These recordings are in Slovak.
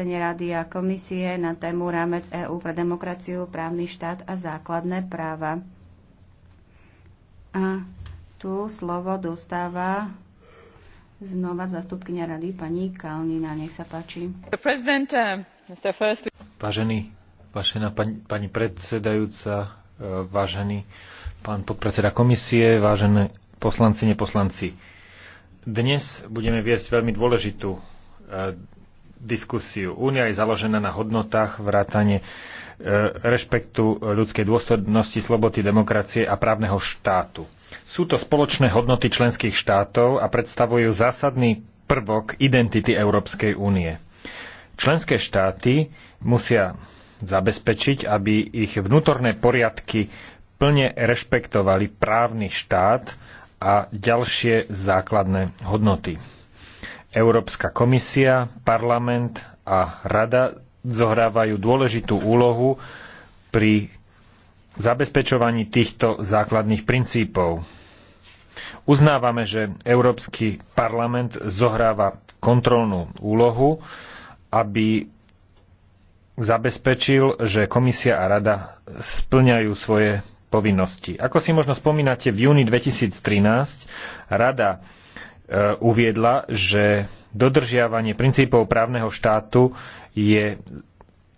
vyhlásenie Rady a komisie na tému Rámec EÚ pre demokraciu, právny štát a základné práva. A tu slovo dostáva Znova zastupkynia rady pani Kalnina, nech sa páči. Uh, vážený, vážená pani, pani predsedajúca, uh, vážený pán podpredseda komisie, vážené poslanci, neposlanci. Dnes budeme viesť veľmi dôležitú uh, diskusiu. Únia je založená na hodnotách vrátane e, rešpektu ľudskej dôstojnosti, slobody, demokracie a právneho štátu. Sú to spoločné hodnoty členských štátov a predstavujú zásadný prvok identity Európskej únie. Členské štáty musia zabezpečiť, aby ich vnútorné poriadky plne rešpektovali právny štát a ďalšie základné hodnoty. Európska komisia, parlament a rada zohrávajú dôležitú úlohu pri zabezpečovaní týchto základných princípov. Uznávame, že Európsky parlament zohráva kontrolnú úlohu, aby zabezpečil, že komisia a rada splňajú svoje povinnosti. Ako si možno spomínate, v júni 2013 rada Eh, uviedla, že dodržiavanie princípov právneho štátu je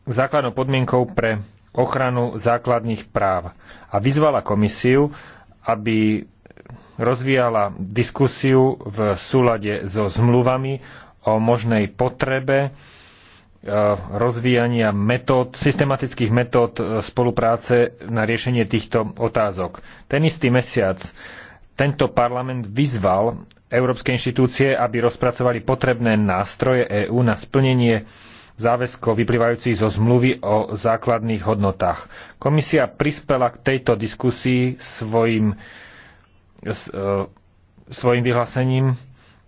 základnou podmienkou pre ochranu základných práv a vyzvala komisiu, aby rozvíjala diskusiu v súlade so zmluvami o možnej potrebe eh, rozvíjania metód, systematických metód eh, spolupráce na riešenie týchto otázok. Ten istý mesiac tento parlament vyzval európske inštitúcie, aby rozpracovali potrebné nástroje EÚ na splnenie záväzkov vyplývajúcich zo zmluvy o základných hodnotách. Komisia prispela k tejto diskusii svojim, e, svojim vyhlásením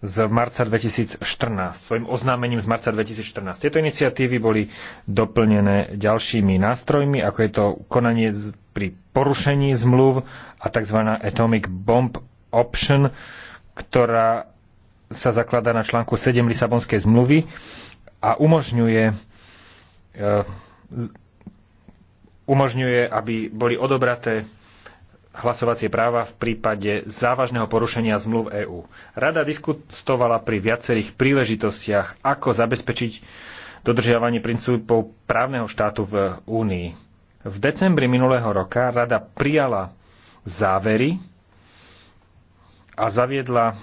z marca 2014, svojim oznámením z marca 2014. Tieto iniciatívy boli doplnené ďalšími nástrojmi, ako je to konanie pri porušení zmluv a tzv. Atomic Bomb Option, ktorá sa zakladá na článku 7 Lisabonskej zmluvy a umožňuje, e, umožňuje aby boli odobraté hlasovacie práva v prípade závažného porušenia zmluv EÚ. Rada diskutovala pri viacerých príležitostiach, ako zabezpečiť dodržiavanie princípov právneho štátu v Únii. V decembri minulého roka rada prijala závery a zaviedla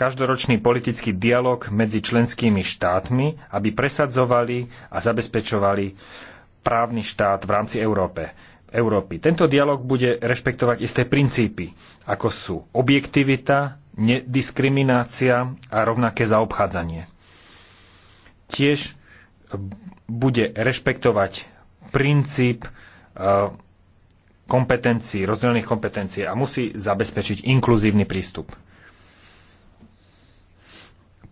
každoročný politický dialog medzi členskými štátmi, aby presadzovali a zabezpečovali právny štát v rámci Európe. Európy. Tento dialog bude rešpektovať isté princípy, ako sú objektivita, nediskriminácia a rovnaké zaobchádzanie. Tiež bude rešpektovať princíp eh, kompetencií, rozdelených kompetencií a musí zabezpečiť inkluzívny prístup.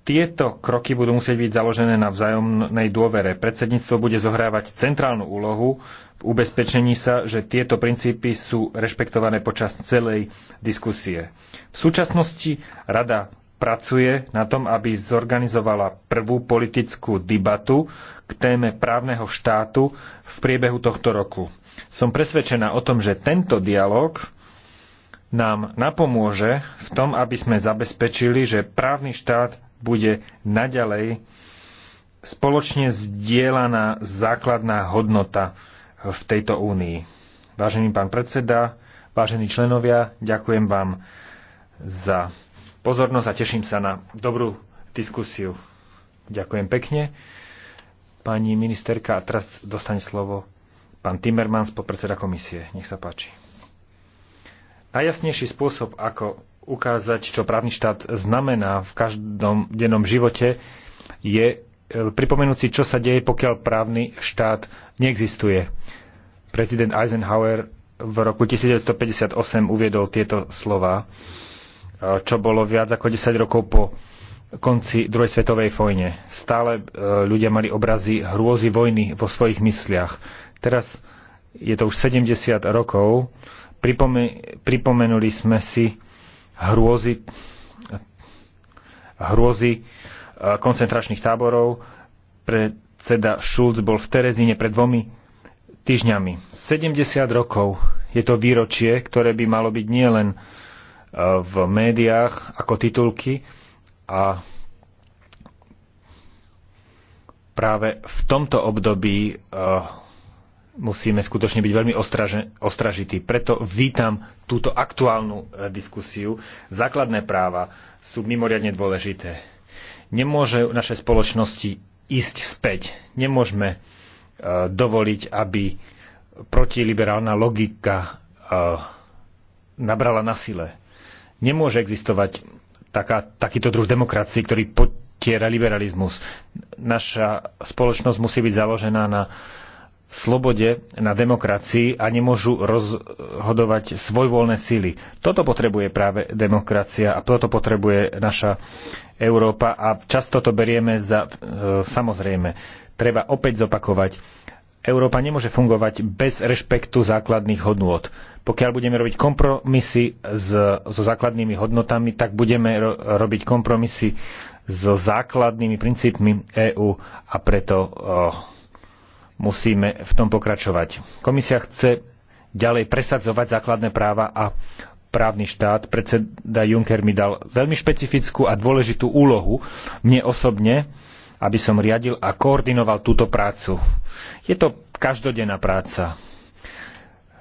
Tieto kroky budú musieť byť založené na vzájomnej dôvere. Predsedníctvo bude zohrávať centrálnu úlohu v ubezpečení sa, že tieto princípy sú rešpektované počas celej diskusie. V súčasnosti Rada pracuje na tom, aby zorganizovala prvú politickú debatu k téme právneho štátu v priebehu tohto roku. Som presvedčená o tom, že tento dialog nám napomôže v tom, aby sme zabezpečili, že právny štát bude naďalej spoločne zdieľaná základná hodnota v tejto únii. Vážený pán predseda, vážení členovia, ďakujem vám za pozornosť a teším sa na dobrú diskusiu. Ďakujem pekne. Pani ministerka, teraz dostane slovo Pán Timmermans, podpredseda komisie, nech sa páči. Najjasnejší spôsob, ako ukázať, čo právny štát znamená v každom dennom živote, je e, pripomenúci, čo sa deje, pokiaľ právny štát neexistuje. Prezident Eisenhower v roku 1958 uviedol tieto slova, e, čo bolo viac ako 10 rokov po konci druhej svetovej vojne. Stále e, ľudia mali obrazy hrôzy vojny vo svojich mysliach Teraz je to už 70 rokov. Pripome- pripomenuli sme si hrôzy, hrôzy e, koncentračných táborov. Predseda Schulz bol v Terezíne pred dvomi týždňami. 70 rokov je to výročie, ktoré by malo byť nielen e, v médiách ako titulky a práve v tomto období e, musíme skutočne byť veľmi ostraže, ostražití. Preto vítam túto aktuálnu e, diskusiu. Základné práva sú mimoriadne dôležité. Nemôže naše spoločnosti ísť späť. Nemôžeme e, dovoliť, aby protiliberálna logika e, nabrala na sile. Nemôže existovať taká, takýto druh demokracie, ktorý potiera liberalizmus. Naša spoločnosť musí byť založená na slobode, na demokracii a nemôžu rozhodovať svojvoľné síly. Toto potrebuje práve demokracia a toto potrebuje naša Európa a často to berieme za e, samozrejme. Treba opäť zopakovať. Európa nemôže fungovať bez rešpektu základných hodnôt. Pokiaľ budeme robiť kompromisy s, so základnými hodnotami, tak budeme ro- robiť kompromisy so základnými princípmi EÚ a preto E, musíme v tom pokračovať. Komisia chce ďalej presadzovať základné práva a právny štát. Predseda Juncker mi dal veľmi špecifickú a dôležitú úlohu mne osobne, aby som riadil a koordinoval túto prácu. Je to každodenná práca.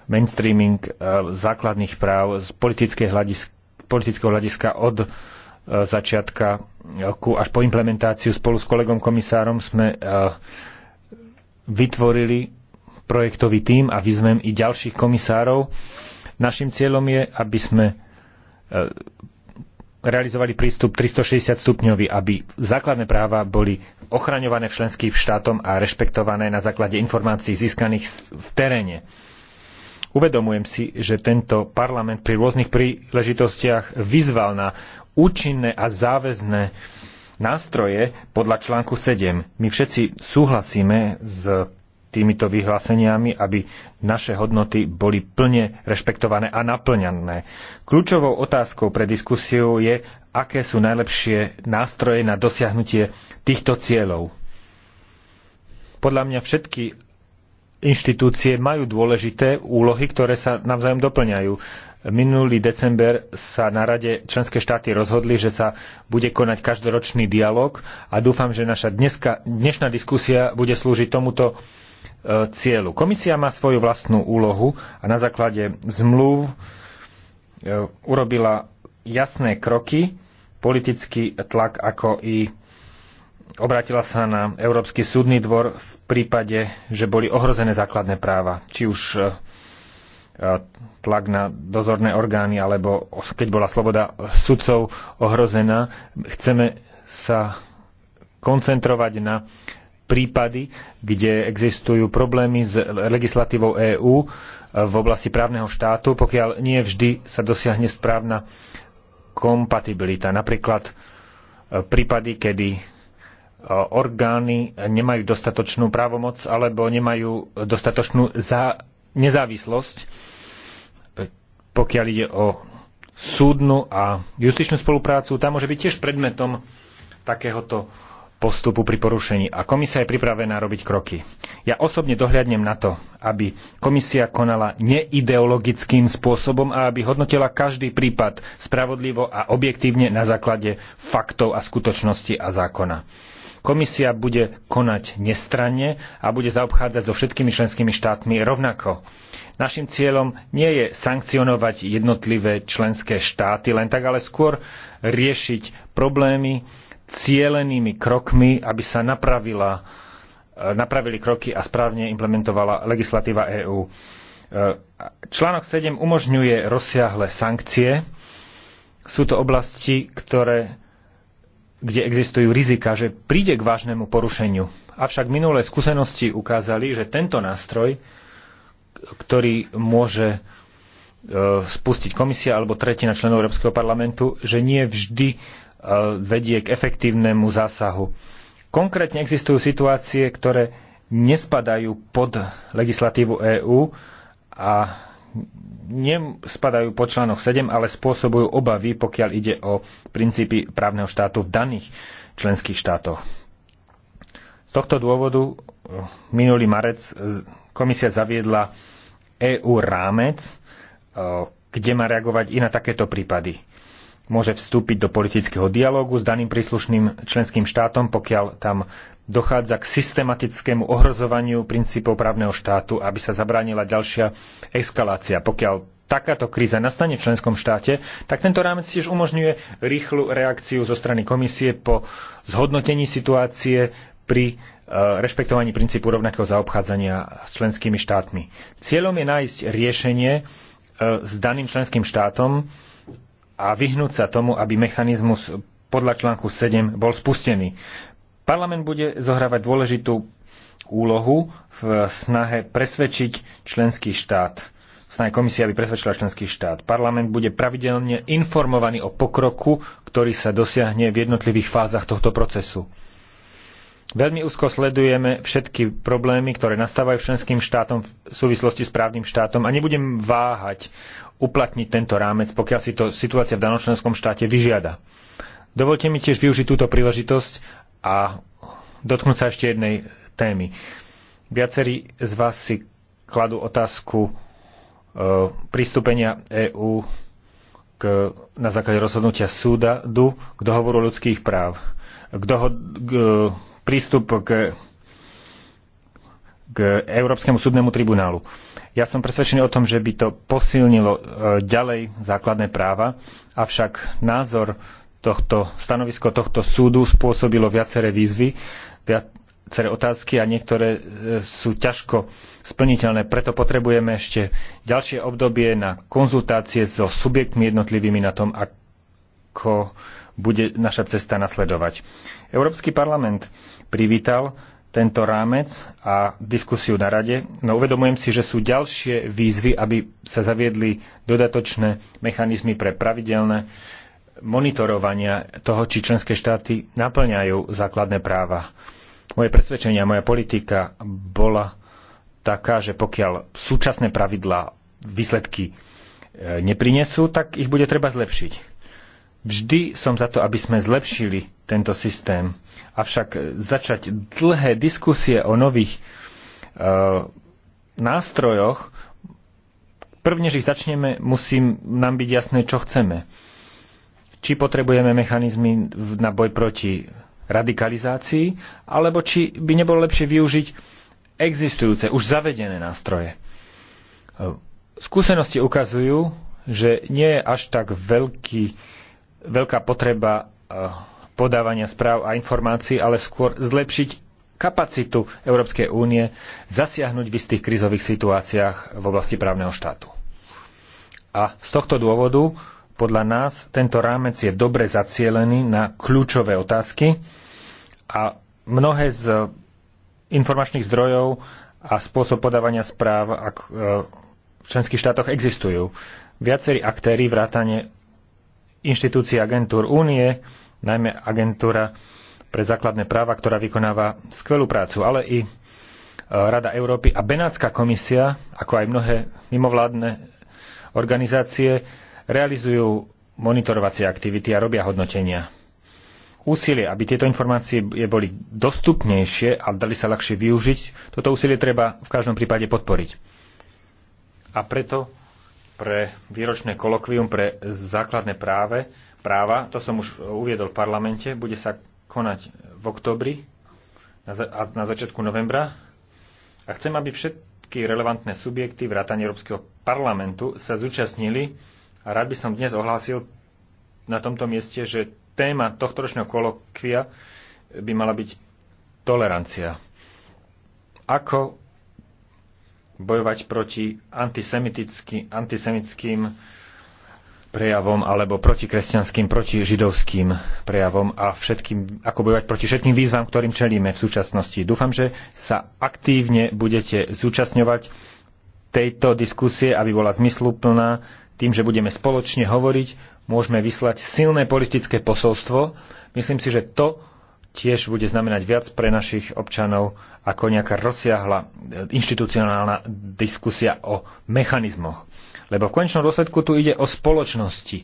Mainstreaming eh, základných práv z politického hľadiska, politického hľadiska od eh, začiatka až po implementáciu spolu s kolegom komisárom sme eh, vytvorili projektový tím a vyzvem i ďalších komisárov. Našim cieľom je, aby sme e, realizovali prístup 360 stupňový, aby základné práva boli ochraňované členským štátom a rešpektované na základe informácií získaných v teréne. Uvedomujem si, že tento parlament pri rôznych príležitostiach vyzval na účinné a záväzné nástroje podľa článku 7. My všetci súhlasíme s týmito vyhláseniami, aby naše hodnoty boli plne rešpektované a naplňané. Kľúčovou otázkou pre diskusiu je, aké sú najlepšie nástroje na dosiahnutie týchto cieľov. Podľa mňa všetky inštitúcie majú dôležité úlohy, ktoré sa navzájom doplňajú. Minulý december sa na rade členské štáty rozhodli, že sa bude konať každoročný dialog a dúfam, že naša dneska, dnešná diskusia bude slúžiť tomuto e, cieľu. Komisia má svoju vlastnú úlohu a na základe zmluv e, urobila jasné kroky, politický tlak ako i obrátila sa na Európsky súdny dvor v prípade, že boli ohrozené základné práva, či už e, e, tlak na dozorné orgány, alebo keď bola sloboda sudcov ohrozená. Chceme sa koncentrovať na prípady, kde existujú problémy s legislatívou EÚ e, v oblasti právneho štátu, pokiaľ nie vždy sa dosiahne správna kompatibilita. Napríklad prípady, kedy E, orgány nemajú dostatočnú právomoc alebo nemajú dostatočnú nezávislosť, e, pokiaľ ide o súdnu a justičnú spoluprácu. Tá môže byť tiež predmetom takéhoto postupu pri porušení a komisia je pripravená robiť kroky. Ja osobne dohľadnem na to, aby komisia konala neideologickým spôsobom a aby hodnotila každý prípad spravodlivo a objektívne na základe faktov a skutočnosti a zákona Komisia bude konať nestranne a bude zaobchádzať so všetkými členskými štátmi rovnako. Našim cieľom nie je sankcionovať jednotlivé členské štáty len tak, ale skôr riešiť problémy cielenými krokmi, aby sa napravila, e, napravili kroky a správne implementovala legislatíva EÚ. E, článok 7 umožňuje rozsiahle sankcie. Sú to oblasti, ktoré kde existujú rizika, že príde k vážnemu porušeniu. Avšak minulé skúsenosti ukázali, že tento nástroj, ktorý môže e, spustiť komisia alebo tretina členov Európskeho parlamentu, že nie vždy e, vedie k efektívnemu zásahu. Konkrétne existujú situácie, ktoré nespadajú pod legislatívu EÚ a nespadajú po článok 7, ale spôsobujú obavy, pokiaľ ide o princípy právneho štátu v daných členských štátoch. Z tohto dôvodu eh, minulý marec eh, komisia zaviedla EU rámec, eh, kde má reagovať i na takéto prípady môže vstúpiť do politického dialógu s daným príslušným členským štátom, pokiaľ tam dochádza k systematickému ohrozovaniu princípov právneho štátu, aby sa zabránila ďalšia eskalácia. Pokiaľ takáto kríza nastane v členskom štáte, tak tento rámec tiež umožňuje rýchlu reakciu zo strany komisie po zhodnotení situácie pri e, rešpektovaní princípu rovnakého zaobchádzania s členskými štátmi. Cieľom je nájsť riešenie e, s daným členským štátom, a vyhnúť sa tomu, aby mechanizmus podľa článku 7 bol spustený. Parlament bude zohrávať dôležitú úlohu v snahe presvedčiť členský štát. V snahe komisie, aby presvedčila členský štát. Parlament bude pravidelne informovaný o pokroku, ktorý sa dosiahne v jednotlivých fázach tohto procesu. Veľmi úzko sledujeme všetky problémy, ktoré nastávajú členským štátom v súvislosti s právnym štátom a nebudem váhať uplatniť tento rámec, pokiaľ si to situácia v danom členskom štáte vyžiada. Dovolte mi tiež využiť túto príležitosť a dotknúť sa ešte jednej témy. Viacerí z vás si kladú otázku e, pristúpenia EÚ k, na základe rozhodnutia súda DU k dohovoru ľudských práv. K doho- k, prístup k, k Európskemu súdnemu tribunálu. Ja som presvedčený o tom, že by to posilnilo e, ďalej základné práva, avšak názor tohto, stanovisko tohto súdu spôsobilo viaceré výzvy, viaceré otázky a niektoré e, sú ťažko splniteľné. Preto potrebujeme ešte ďalšie obdobie na konzultácie so subjektmi jednotlivými na tom, ako bude naša cesta nasledovať. Európsky parlament privítal tento rámec a diskusiu na rade, no uvedomujem si, že sú ďalšie výzvy, aby sa zaviedli dodatočné mechanizmy pre pravidelné monitorovania toho, či členské štáty naplňajú základné práva. Moje presvedčenie a moja politika bola taká, že pokiaľ súčasné pravidlá výsledky e, neprinesú, tak ich bude treba zlepšiť Vždy som za to, aby sme zlepšili tento systém. Avšak e, začať dlhé diskusie o nových e, nástrojoch, prvne, že ich začneme, musí nám byť jasné, čo chceme. Či potrebujeme mechanizmy na boj proti radikalizácii, alebo či by nebolo lepšie využiť existujúce, už zavedené nástroje. E, skúsenosti ukazujú, že nie je až tak veľký veľká potreba eh, podávania správ a informácií, ale skôr zlepšiť kapacitu Európskej únie zasiahnuť v istých krízových situáciách v oblasti právneho štátu. A z tohto dôvodu podľa nás tento rámec je dobre zacielený na kľúčové otázky a mnohé z informačných zdrojov a spôsob podávania správ eh, v členských štátoch existujú. Viacerí aktéry vrátane inštitúcií agentúr únie, najmä agentúra pre základné práva, ktorá vykonáva skvelú prácu, ale i e, Rada Európy a Benátska komisia, ako aj mnohé mimovládne organizácie, realizujú monitorovacie aktivity a robia hodnotenia. Úsilie, aby tieto informácie boli dostupnejšie a dali sa ľahšie využiť, toto úsilie treba v každom prípade podporiť. A preto pre výročné kolokvium pre základné práve, práva, to som už uviedol v parlamente, bude sa konať v oktobri na, za, na začiatku novembra a chcem, aby všetky relevantné subjekty v rátane Európskeho parlamentu sa zúčastnili a rád by som dnes ohlásil na tomto mieste, že téma tohto ročného kolokvia by mala byť tolerancia. Ako bojovať proti antisemitickým, antisemitským prejavom alebo protikresťanským, protižidovským prejavom a všetkým, ako bojovať proti všetkým výzvam, ktorým čelíme v súčasnosti. Dúfam, že sa aktívne budete zúčastňovať tejto diskusie, aby bola zmysluplná. Tým, že budeme spoločne hovoriť, môžeme vyslať silné politické posolstvo. Myslím si, že to tiež bude znamenať viac pre našich občanov ako nejaká rozsiahla e, inštitucionálna diskusia o mechanizmoch. Lebo v konečnom dôsledku tu ide o spoločnosti,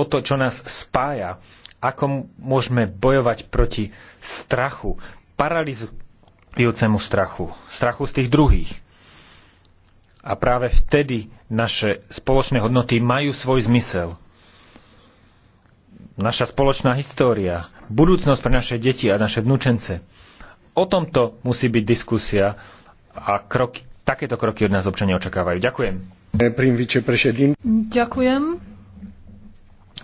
o to, čo nás spája, ako môžeme bojovať proti strachu, paralizujúcemu strachu, strachu z tých druhých. A práve vtedy naše spoločné hodnoty majú svoj zmysel naša spoločná história, budúcnosť pre naše deti a naše vnúčence. O tomto musí byť diskusia a kroky, takéto kroky od nás občania očakávajú. Ďakujem. Ďakujem.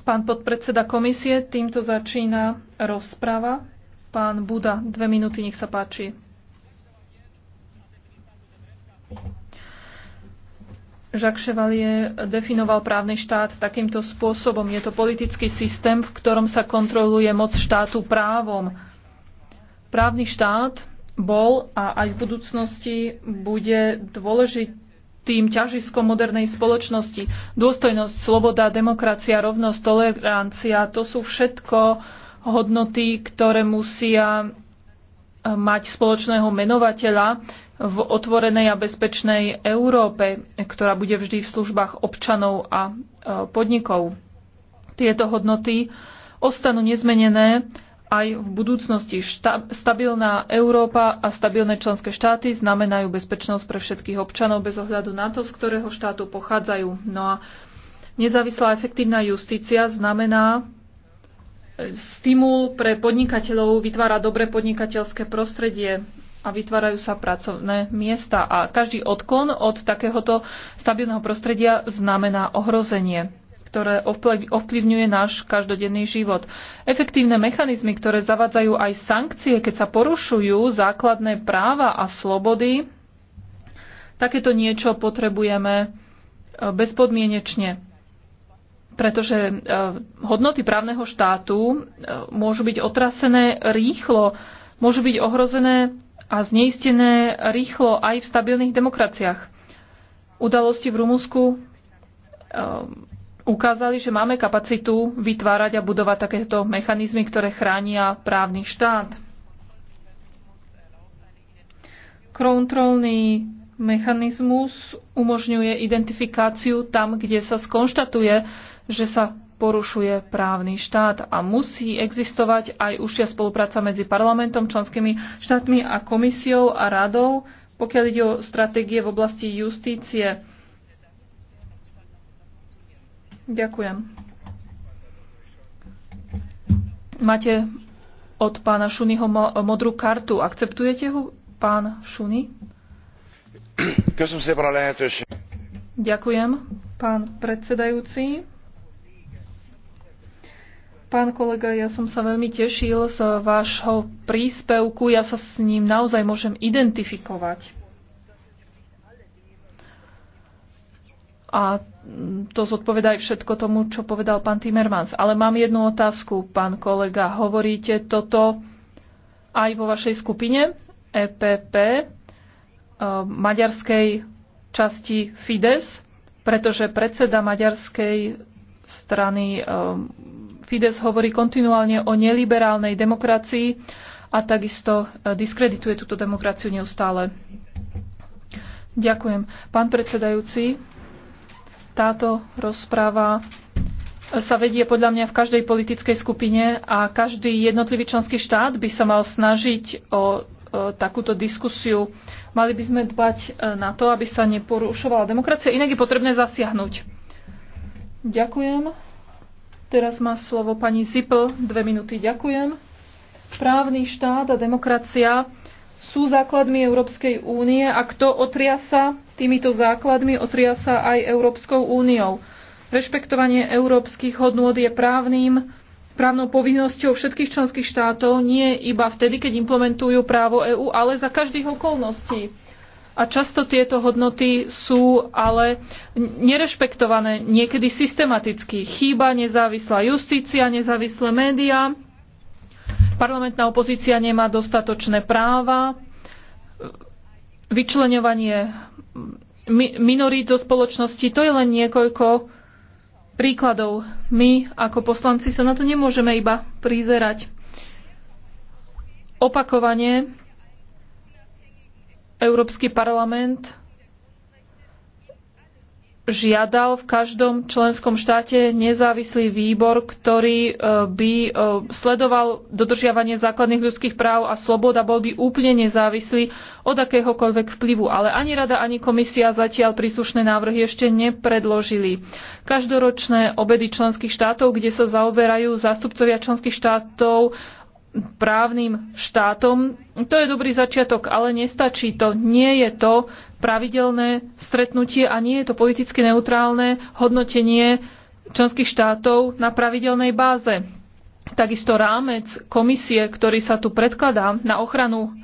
Pán podpredseda komisie, týmto začína rozprava. Pán Buda, dve minúty, nech sa páči. Jacques Chevalier definoval právny štát takýmto spôsobom. Je to politický systém, v ktorom sa kontroluje moc štátu právom. Právny štát bol a aj v budúcnosti bude dôležitým ťažiskom modernej spoločnosti. Dôstojnosť, sloboda, demokracia, rovnosť, tolerancia, to sú všetko hodnoty, ktoré musia E, mať spoločného menovateľa v otvorenej a bezpečnej Európe, ktorá bude vždy v službách občanov a e, podnikov. Tieto hodnoty ostanú nezmenené aj v budúcnosti. Stabilná Európa a stabilné členské štáty znamenajú bezpečnosť pre všetkých občanov bez ohľadu na to, z ktorého štátu pochádzajú. No a nezávislá efektívna justícia znamená stimul pre podnikateľov vytvára dobré podnikateľské prostredie a vytvárajú sa pracovné miesta. A každý odkon od takéhoto stabilného prostredia znamená ohrozenie ktoré ovplyvňuje náš každodenný život. Efektívne mechanizmy, ktoré zavádzajú aj sankcie, keď sa porušujú základné práva a slobody, takéto niečo potrebujeme bezpodmienečne pretože e, hodnoty právneho štátu e, môžu byť otrasené rýchlo, môžu byť ohrozené a zneistené rýchlo aj v stabilných demokraciách. Udalosti v Rumunsku e, ukázali, že máme kapacitu vytvárať a budovať takéto mechanizmy, ktoré chránia právny štát. Kontrolný mechanizmus umožňuje identifikáciu tam, kde sa skonštatuje, že sa porušuje právny štát a musí existovať aj užšia spolupráca medzi parlamentom, členskými štátmi a komisiou a radou, pokiaľ ide o stratégie v oblasti justície. Ďakujem. Máte od pána Šunyho modrú kartu. Akceptujete ho, pán Šuny? Ďakujem, pán predsedajúci. Pán kolega, ja som sa veľmi tešil z vášho príspevku. Ja sa s ním naozaj môžem identifikovať. A to zodpovedá aj všetko tomu, čo povedal pán Timmermans. Ale mám jednu otázku, pán kolega. Hovoríte toto aj vo vašej skupine EPP, eh, maďarskej časti Fides, pretože predseda maďarskej strany eh, Fides hovorí kontinuálne o neliberálnej demokracii a takisto e, diskredituje túto demokraciu neustále. Ďakujem. Pán predsedajúci, táto rozpráva e, sa vedie podľa mňa v každej politickej skupine a každý jednotlivý členský štát by sa mal snažiť o e, takúto diskusiu. Mali by sme dbať na to, aby sa neporušovala demokracia, inak je potrebné zasiahnuť. Ďakujem. Teraz má slovo pani Zipl. Dve minúty. Ďakujem. Právny štát a demokracia sú základmi Európskej únie a kto otria sa týmito základmi, otria sa aj Európskou úniou. Rešpektovanie európskych hodnôt je právnym, právnou povinnosťou všetkých členských štátov, nie iba vtedy, keď implementujú právo EÚ, ale za každých okolností a často tieto hodnoty sú ale nerešpektované, niekedy systematicky. Chýba nezávislá justícia, nezávislé médiá, parlamentná opozícia nemá dostatočné práva, vyčlenovanie minorít zo spoločnosti, to je len niekoľko príkladov. My ako poslanci sa na to nemôžeme iba prizerať. Opakovanie. Európsky parlament žiadal v každom členskom štáte nezávislý výbor, ktorý e, by e, sledoval dodržiavanie základných ľudských práv a slobod a bol by úplne nezávislý od akéhokoľvek vplyvu. Ale ani rada, ani komisia zatiaľ príslušné návrhy ešte nepredložili. Každoročné obedy členských štátov, kde sa zaoberajú zástupcovia členských štátov právnym štátom. To je dobrý začiatok, ale nestačí to. Nie je to pravidelné stretnutie a nie je to politicky neutrálne hodnotenie členských štátov na pravidelnej báze. Takisto rámec komisie, ktorý sa tu predkladá na ochranu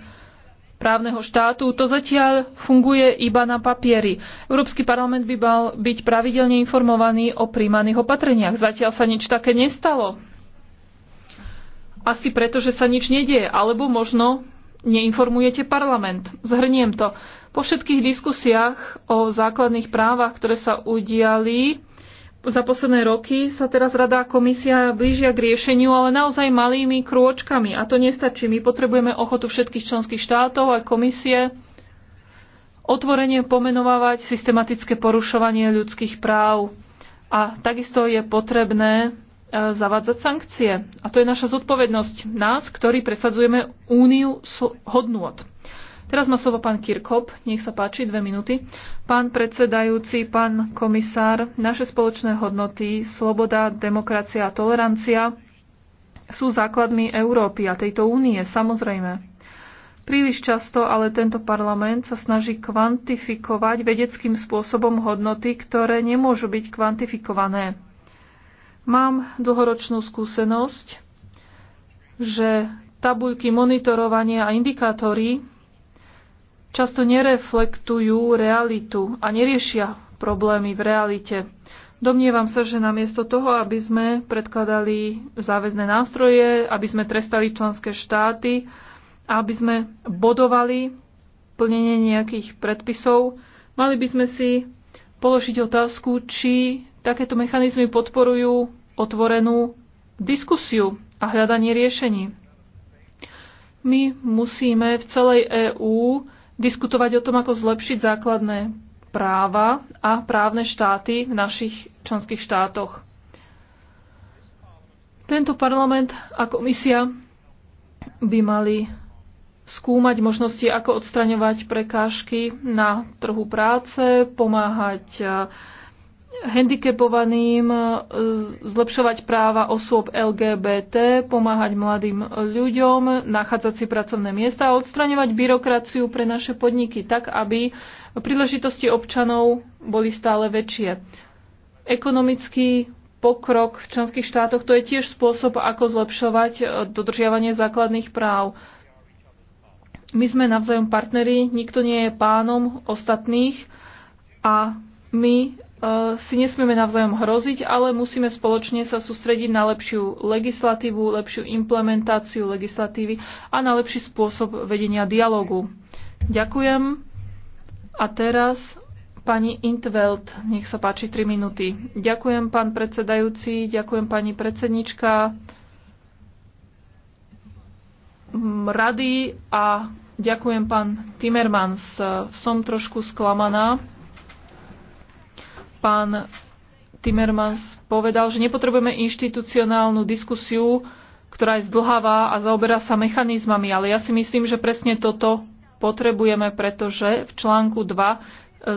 právneho štátu, to zatiaľ funguje iba na papieri. Európsky parlament by mal byť pravidelne informovaný o príjmaných opatreniach. Zatiaľ sa nič také nestalo. Asi preto, že sa nič nedieje, alebo možno neinformujete parlament. Zhrniem to. Po všetkých diskusiách o základných právach, ktoré sa udiali za posledné roky, sa teraz Rada a komisia blížia k riešeniu, ale naozaj malými krôčkami. A to nestačí. My potrebujeme ochotu všetkých členských štátov a komisie otvorene pomenovávať systematické porušovanie ľudských práv. A takisto je potrebné E, zavádzať sankcie. A to je naša zodpovednosť nás, ktorí presadzujeme úniu hodnôt. Teraz má slovo pán Kirkop. Nech sa páči, dve minúty. Pán predsedajúci, pán komisár, naše spoločné hodnoty, sloboda, demokracia a tolerancia sú základmi Európy a tejto únie, samozrejme. Príliš často ale tento parlament sa snaží kvantifikovať vedeckým spôsobom hodnoty, ktoré nemôžu byť kvantifikované. Mám dlhoročnú skúsenosť, že tabuľky monitorovania a indikátory často nereflektujú realitu a neriešia problémy v realite. Domnievam sa, že namiesto toho, aby sme predkladali záväzné nástroje, aby sme trestali členské štáty, aby sme bodovali plnenie nejakých predpisov, mali by sme si položiť otázku, či takéto mechanizmy podporujú otvorenú diskusiu a hľadanie riešení. My musíme v celej EÚ diskutovať o tom, ako zlepšiť základné práva a právne štáty v našich členských štátoch. Tento parlament a komisia by mali skúmať možnosti, ako odstraňovať prekážky na trhu práce, pomáhať handicapovaným, e, zlepšovať práva osôb LGBT, pomáhať mladým ľuďom, nachádzať si pracovné miesta a odstraňovať byrokraciu pre naše podniky tak, aby príležitosti občanov boli stále väčšie. Ekonomický pokrok v členských štátoch to je tiež spôsob, ako zlepšovať e, dodržiavanie základných práv. My sme navzájom partneri, nikto nie je pánom ostatných a my E, si nesmieme navzájom hroziť, ale musíme spoločne sa sústrediť na lepšiu legislatívu, lepšiu implementáciu legislatívy a na lepší spôsob vedenia dialogu. Ďakujem. A teraz pani Intveld, nech sa páči 3 minúty. Ďakujem, pán predsedajúci, ďakujem, pani predsednička mm, rady a ďakujem, pán Timmermans. Som trošku sklamaná pán Timmermans povedal, že nepotrebujeme inštitucionálnu diskusiu, ktorá je zdlhavá a zaoberá sa mechanizmami, ale ja si myslím, že presne toto potrebujeme, pretože v článku 2 e,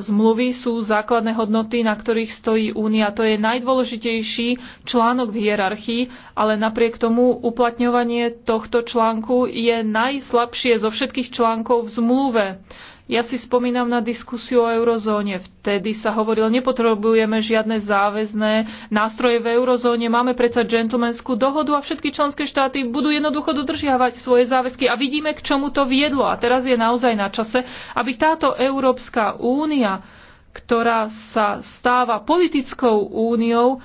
zmluvy sú základné hodnoty, na ktorých stojí únia. To je najdôležitejší článok v hierarchii, ale napriek tomu uplatňovanie tohto článku je najslabšie zo všetkých článkov v zmluve. Ja si spomínam na diskusiu o eurozóne. Vtedy sa hovorilo, nepotrebujeme žiadne záväzné nástroje v eurozóne, máme predsa džentlmenskú dohodu a všetky členské štáty budú jednoducho dodržiavať svoje záväzky a vidíme, k čomu to viedlo. A teraz je naozaj na čase, aby táto Európska únia, ktorá sa stáva politickou úniou,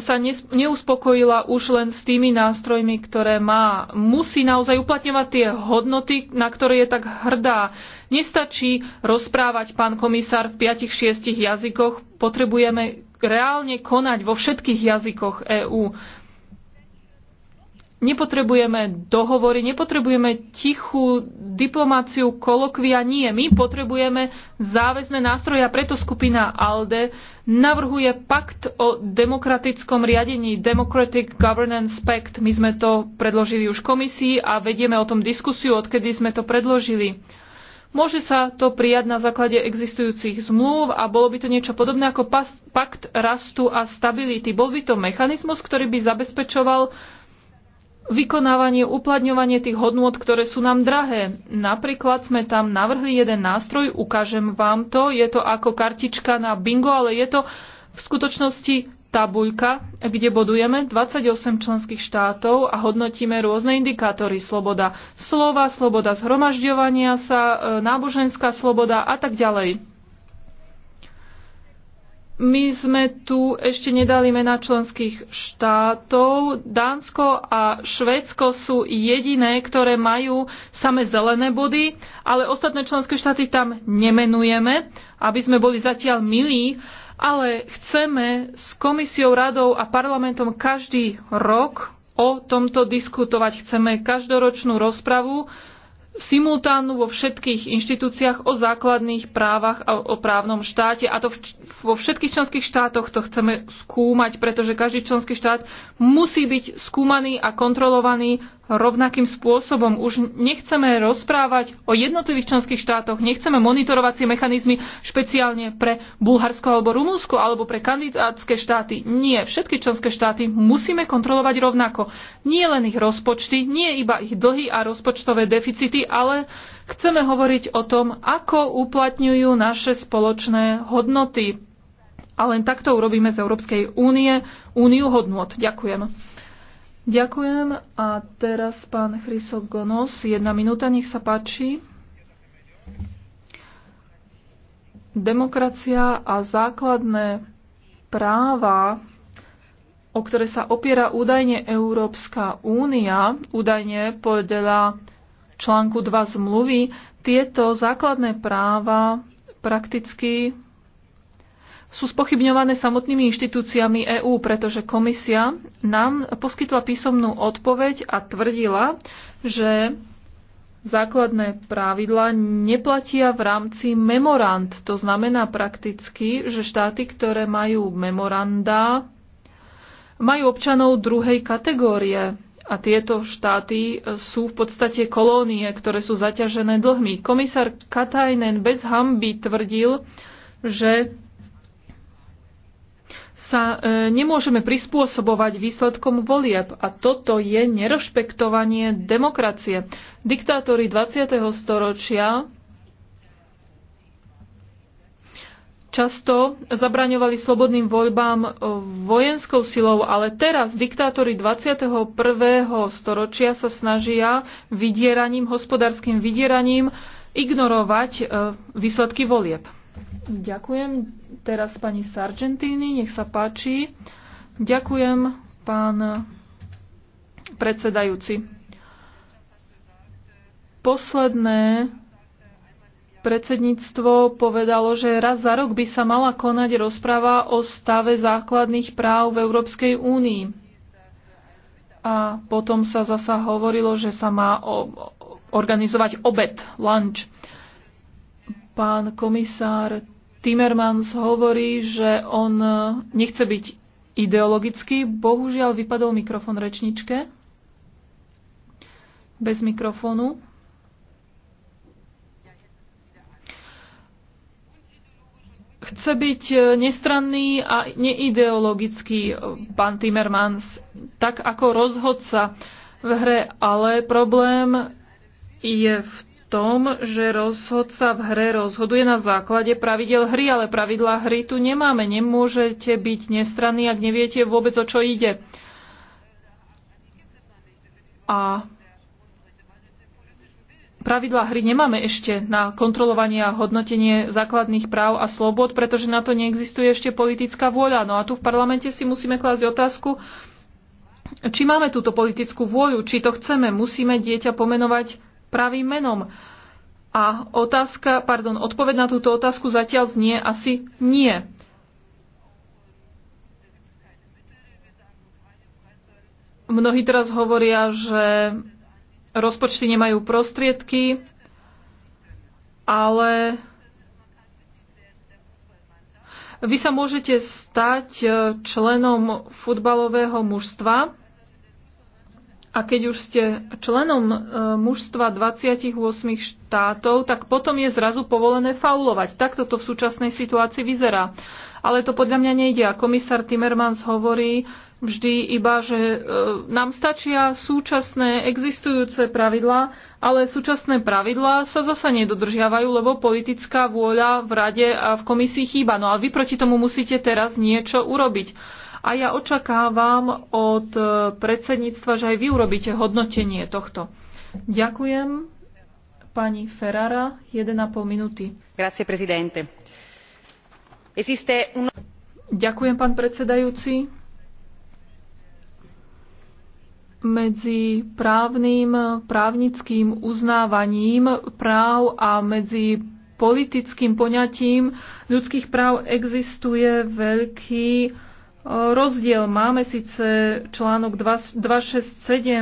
sa neuspokojila už len s tými nástrojmi, ktoré má. Musí naozaj uplatňovať tie hodnoty, na ktoré je tak hrdá. Nestačí rozprávať, pán komisár, v 5-6 jazykoch. Potrebujeme reálne konať vo všetkých jazykoch EÚ. Nepotrebujeme dohovory, nepotrebujeme tichú diplomáciu, kolokvia, nie. My potrebujeme záväzné nástroje a preto skupina ALDE navrhuje pakt o demokratickom riadení, Democratic Governance Pact. My sme to predložili už komisii a vedieme o tom diskusiu, odkedy sme to predložili. Môže sa to prijať na základe existujúcich zmluv a bolo by to niečo podobné ako pakt rastu a stability. Bol by to mechanizmus, ktorý by zabezpečoval vykonávanie, uplatňovanie tých hodnôt, ktoré sú nám drahé. Napríklad sme tam navrhli jeden nástroj, ukážem vám to, je to ako kartička na bingo, ale je to v skutočnosti tabuľka, kde bodujeme 28 členských štátov a hodnotíme rôzne indikátory. Sloboda slova, sloboda zhromažďovania sa, e, náboženská sloboda a tak ďalej. My sme tu ešte nedali mena členských štátov. Dánsko a Švédsko sú jediné, ktoré majú same zelené body, ale ostatné členské štáty tam nemenujeme, aby sme boli zatiaľ milí, ale chceme s komisiou, radou a parlamentom každý rok o tomto diskutovať. Chceme každoročnú rozpravu, simultánnu vo všetkých inštitúciách o základných právach a o právnom štáte. A to v, vo všetkých členských štátoch to chceme skúmať, pretože každý členský štát musí byť skúmaný a kontrolovaný rovnakým spôsobom. Už nechceme rozprávať o jednotlivých členských štátoch, nechceme monitorovacie mechanizmy špeciálne pre Bulharsko alebo Rumunsko alebo pre kandidátske štáty. Nie, všetky členské štáty musíme kontrolovať rovnako. Nie len ich rozpočty, nie iba ich dlhy a rozpočtové deficity, ale chceme hovoriť o tom, ako uplatňujú naše spoločné hodnoty. A len takto urobíme z Európskej únie úniu hodnot. Ďakujem. Ďakujem. A teraz pán Gonos. jedna minúta, nech sa páči. Demokracia a základné práva, o ktoré sa opiera údajne Európska únia, údajne podľa článku 2 zmluvy, tieto základné práva prakticky sú spochybňované samotnými inštitúciami EÚ, pretože komisia nám poskytla písomnú odpoveď a tvrdila, že základné pravidla neplatia v rámci memorand. To znamená prakticky, že štáty, ktoré majú memoranda, majú občanov druhej kategórie. A tieto štáty e, sú v podstate kolónie, ktoré sú zaťažené dlhmi. Komisár Katajnen bez hamby tvrdil, že sa e, nemôžeme prispôsobovať výsledkom volieb a toto je nerešpektovanie demokracie. Diktátori 20. storočia často zabraňovali slobodným voľbám vojenskou silou, ale teraz diktátori 21. storočia sa snažia vydieraním, hospodárskym vydieraním ignorovať e, výsledky volieb. Ďakujem. Teraz pani Sargentini, nech sa páči. Ďakujem, pán predsedajúci. Posledné predsedníctvo povedalo, že raz za rok by sa mala konať rozpráva o stave základných práv v Európskej únii. A potom sa zasa hovorilo, že sa má organizovať obed, lunch. Pán komisár Timmermans hovorí, že on e, nechce byť ideologický. Bohužiaľ vypadol mikrofon rečničke. Bez mikrofónu. chce byť e, nestranný a neideologický e, pán Timmermans, tak ako rozhodca v hre, ale problém je v tom, že rozhodca v hre rozhoduje na základe pravidel hry, ale pravidlá hry tu nemáme. Nemôžete byť nestranní, ak neviete vôbec, o čo ide. A pravidlá hry nemáme ešte na kontrolovanie a hodnotenie základných práv a slobod, pretože na to neexistuje ešte politická vôľa. No a tu v parlamente si musíme klásť otázku, či máme túto politickú vôľu, či to chceme. Musíme dieťa pomenovať pravým menom. A otázka, pardon, odpoveď na túto otázku zatiaľ znie asi nie. Mnohí teraz hovoria, že rozpočty nemajú prostriedky, ale vy sa môžete stať členom futbalového mužstva a keď už ste členom e, mužstva 28 štátov, tak potom je zrazu povolené faulovať. Takto to v súčasnej situácii vyzerá. Ale to podľa mňa nejde. A komisár Timmermans hovorí vždy iba, že e, nám stačia súčasné existujúce pravidlá, ale súčasné pravidlá sa zasa nedodržiavajú, lebo politická vôľa v rade a v komisii chýba. No a vy proti tomu musíte teraz niečo urobiť a ja očakávam od predsedníctva, že aj vy urobíte hodnotenie tohto. Ďakujem. Pani Ferrara, 1,5 minúty. Grazie, prezidente. Existe un... Ďakujem, pán predsedajúci. Medzi právnym, právnickým uznávaním práv a medzi politickým poňatím ľudských práv existuje veľký rozdiel. Máme síce článok 267 e,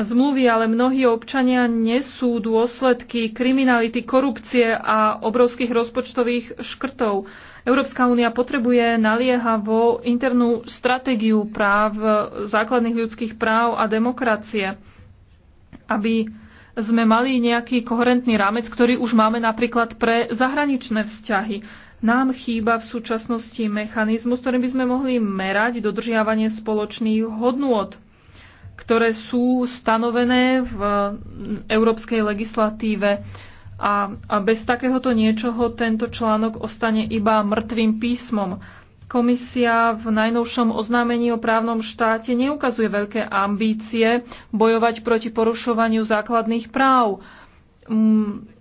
zmluvy, ale mnohí občania nesú dôsledky kriminality, korupcie a obrovských rozpočtových škrtov. Európska únia potrebuje naliehavo internú stratégiu práv, e, základných ľudských práv a demokracie, aby sme mali nejaký koherentný rámec, ktorý už máme napríklad pre zahraničné vzťahy nám chýba v súčasnosti mechanizmus, ktorým by sme mohli merať dodržiavanie spoločných hodnôt, ktoré sú stanovené v e, európskej legislatíve. A bez takéhoto niečoho tento článok ostane iba mŕtvým písmom. Komisia v najnovšom oznámení o právnom štáte neukazuje veľké ambície bojovať proti porušovaniu základných práv mm,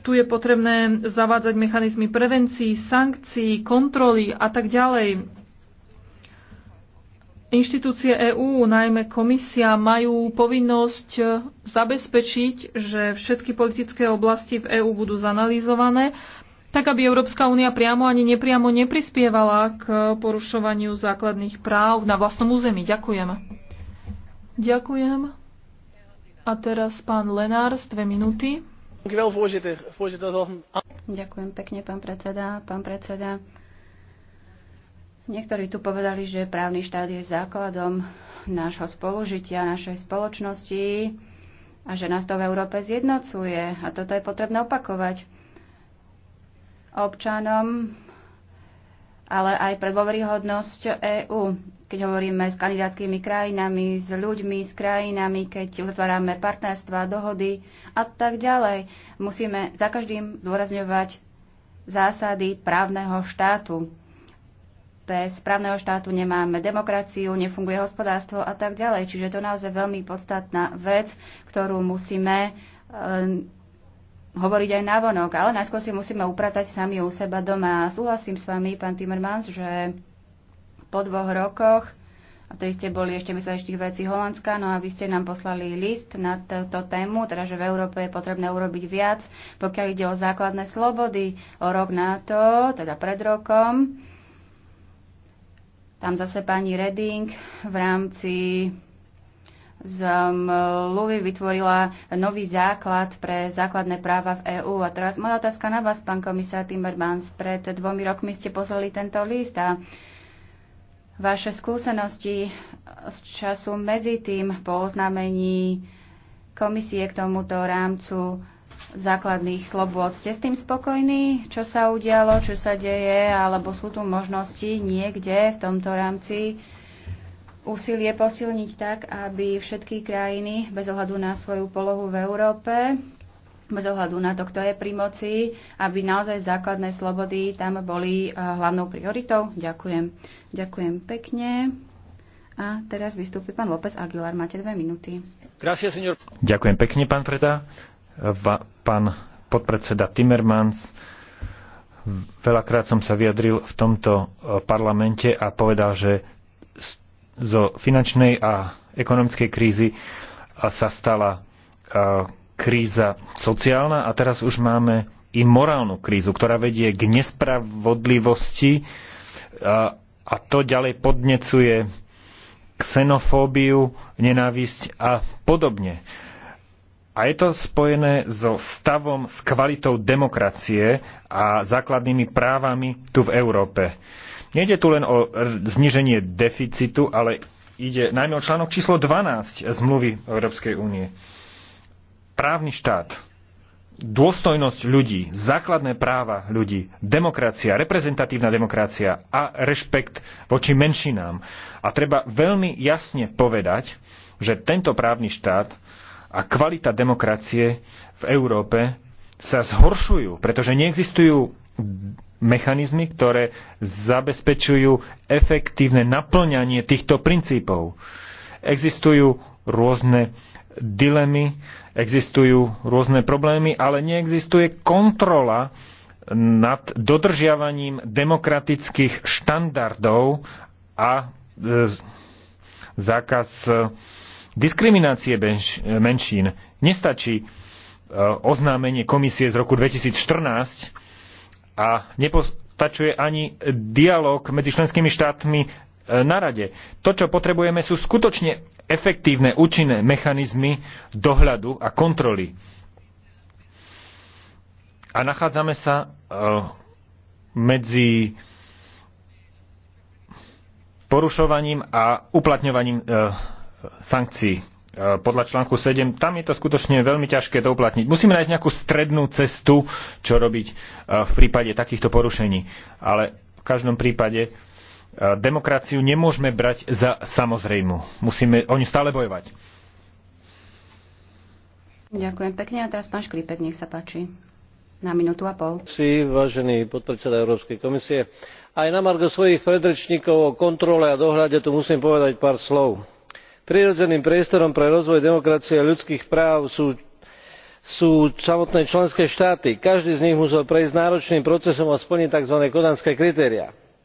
tu je potrebné zavádzať mechanizmy prevencií, sankcií, kontroly a tak ďalej. Inštitúcie EÚ, najmä komisia, majú povinnosť zabezpečiť, že všetky politické oblasti v EÚ budú zanalýzované, tak aby Európska únia priamo ani nepriamo neprispievala k porušovaniu základných práv na vlastnom území. Ďakujem. Ďakujem. A teraz pán Lenár z dve minúty. Ďakujem pekne, pán predseda. Pán predseda, niektorí tu povedali, že právny štát je základom nášho spolužitia, našej spoločnosti a že nás to v Európe zjednocuje. A toto je potrebné opakovať občanom, ale aj pre dôveryhodnosť EÚ keď hovoríme s kandidátskými krajinami, s ľuďmi, s krajinami, keď uzatvárame partnerstva, dohody a tak ďalej. Musíme za každým dôrazňovať zásady právneho štátu. Bez právneho štátu nemáme demokraciu, nefunguje hospodárstvo a tak ďalej. Čiže to je naozaj veľmi podstatná vec, ktorú musíme eh, hovoriť aj navonok, ale najskôr si musíme upratať sami u seba doma. Súhlasím s vami, pán Timmermans, že po dvoch rokoch, a tedy ste boli ešte ešte veci Holandska, no a vy ste nám poslali list na túto tému, teda že v Európe je potrebné urobiť viac, pokiaľ ide o základné slobody. O rok na to, teda pred rokom, tam zase pani Reding v rámci zmluvy vytvorila nový základ pre základné práva v EÚ. A teraz moja otázka na vás, pán komisár Timmermans. Pred dvomi rokmi ste poslali tento list a vaše skúsenosti z času medzi tým po oznámení komisie k tomuto rámcu základných slobôd. Ste s tým spokojní, čo sa udialo, čo sa deje, alebo sú tu možnosti niekde v tomto rámci úsilie posilniť tak, aby všetky krajiny, bez ohľadu na svoju polohu v Európe, bez ohľadu na to, kto je pri moci, aby naozaj základné slobody tam boli eh, hlavnou prioritou. Ďakujem. Ďakujem pekne. A teraz vystúpi pán López Aguilar. Máte dve minúty. Gracias, señor. Ďakujem pekne, pán preda. Pán podpredseda Timmermans, veľakrát som sa vyjadril v tomto eh, parlamente a povedal, že zo finančnej a ekonomickej krízy eh, sa stala kríza sociálna a teraz už máme i morálnu krízu, ktorá vedie k nespravodlivosti a, a to ďalej podnecuje ksenofóbiu, nenávisť a podobne. A je to spojené so stavom, s kvalitou demokracie a základnými právami tu v Európe. Nejde tu len o zniženie deficitu, ale ide najmä o článok číslo 12 zmluvy Európskej únie právny štát, dôstojnosť ľudí, základné práva ľudí, demokracia, reprezentatívna demokracia a rešpekt voči menšinám. A treba veľmi jasne povedať, že tento právny štát a kvalita demokracie v Európe sa zhoršujú, pretože neexistujú mechanizmy, ktoré zabezpečujú efektívne naplňanie týchto princípov. Existujú rôzne dilemy, existujú rôzne problémy, ale neexistuje kontrola nad dodržiavaním demokratických štandardov a e, zákaz e, diskriminácie e, menšín. Nestačí oznámenie komisie z roku 2014 a nepostačuje ani dialog medzi členskými štátmi na rade. To, čo potrebujeme, sú skutočne efektívne, účinné mechanizmy dohľadu a kontroly. A nachádzame sa e, medzi porušovaním a uplatňovaním e, sankcií e, podľa článku 7. Tam je to skutočne veľmi ťažké to uplatniť. Musíme nájsť nejakú strednú cestu, čo robiť v prípade takýchto porušení. Ale v každom prípade demokraciu nemôžeme brať za samozrejmu. Musíme o ňu stále bojovať. Ďakujem pekne. A teraz pán Škripek, nech sa páči. Na minútu a pol. Si, vážený podpredseda Európskej komisie, aj na margo svojich predrečníkov o kontrole a dohľade tu musím povedať pár slov. Prirodzeným priestorom pre rozvoj demokracie a ľudských práv sú sú samotné členské štáty. každý z nich musel prejsť náročným procesom a splniť tzv. kodanské kritériá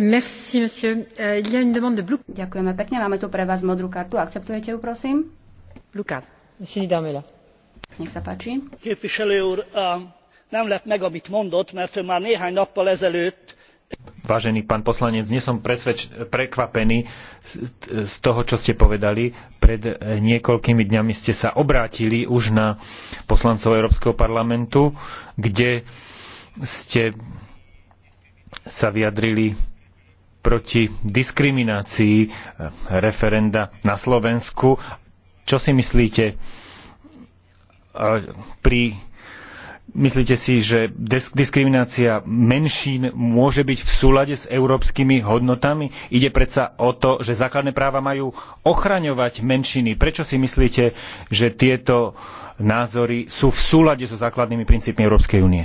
Merci, monsieur. Euh, il y a une demande de blue... Ďakujeme pekne. Máme tu pre vás modrú kartu. Akceptujete ju, prosím? Blue card. Monsieur Nech sa páči. Képviselő úr, nem lett meg, amit mondott, mert ő már néhány nappal ezelőtt Vážený pán poslanec, nie som presvedč- prekvapený z toho, čo ste povedali. Pred eh, niekoľkými dňami ste sa obrátili už na poslancov Európskeho parlamentu, kde ste sa vyjadrili proti diskriminácii eh, referenda na Slovensku. Čo si myslíte eh, pri Myslíte si, že diskriminácia menšín môže byť v súlade s európskymi hodnotami? Ide predsa o to, že základné práva majú ochraňovať menšiny. Prečo si myslíte, že tieto názory sú v súlade so základnými princípmi Európskej únie?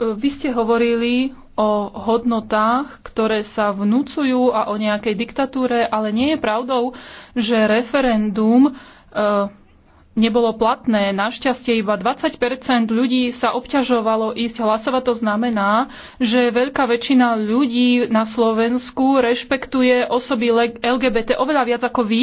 vy ste hovorili o hodnotách, ktoré sa vnúcujú a o nejakej diktatúre, ale nie je pravdou, že referendum e, nebolo platné. Našťastie iba 20 ľudí sa obťažovalo ísť hlasovať. To znamená, že veľká väčšina ľudí na Slovensku rešpektuje osoby LGBT oveľa viac ako vy.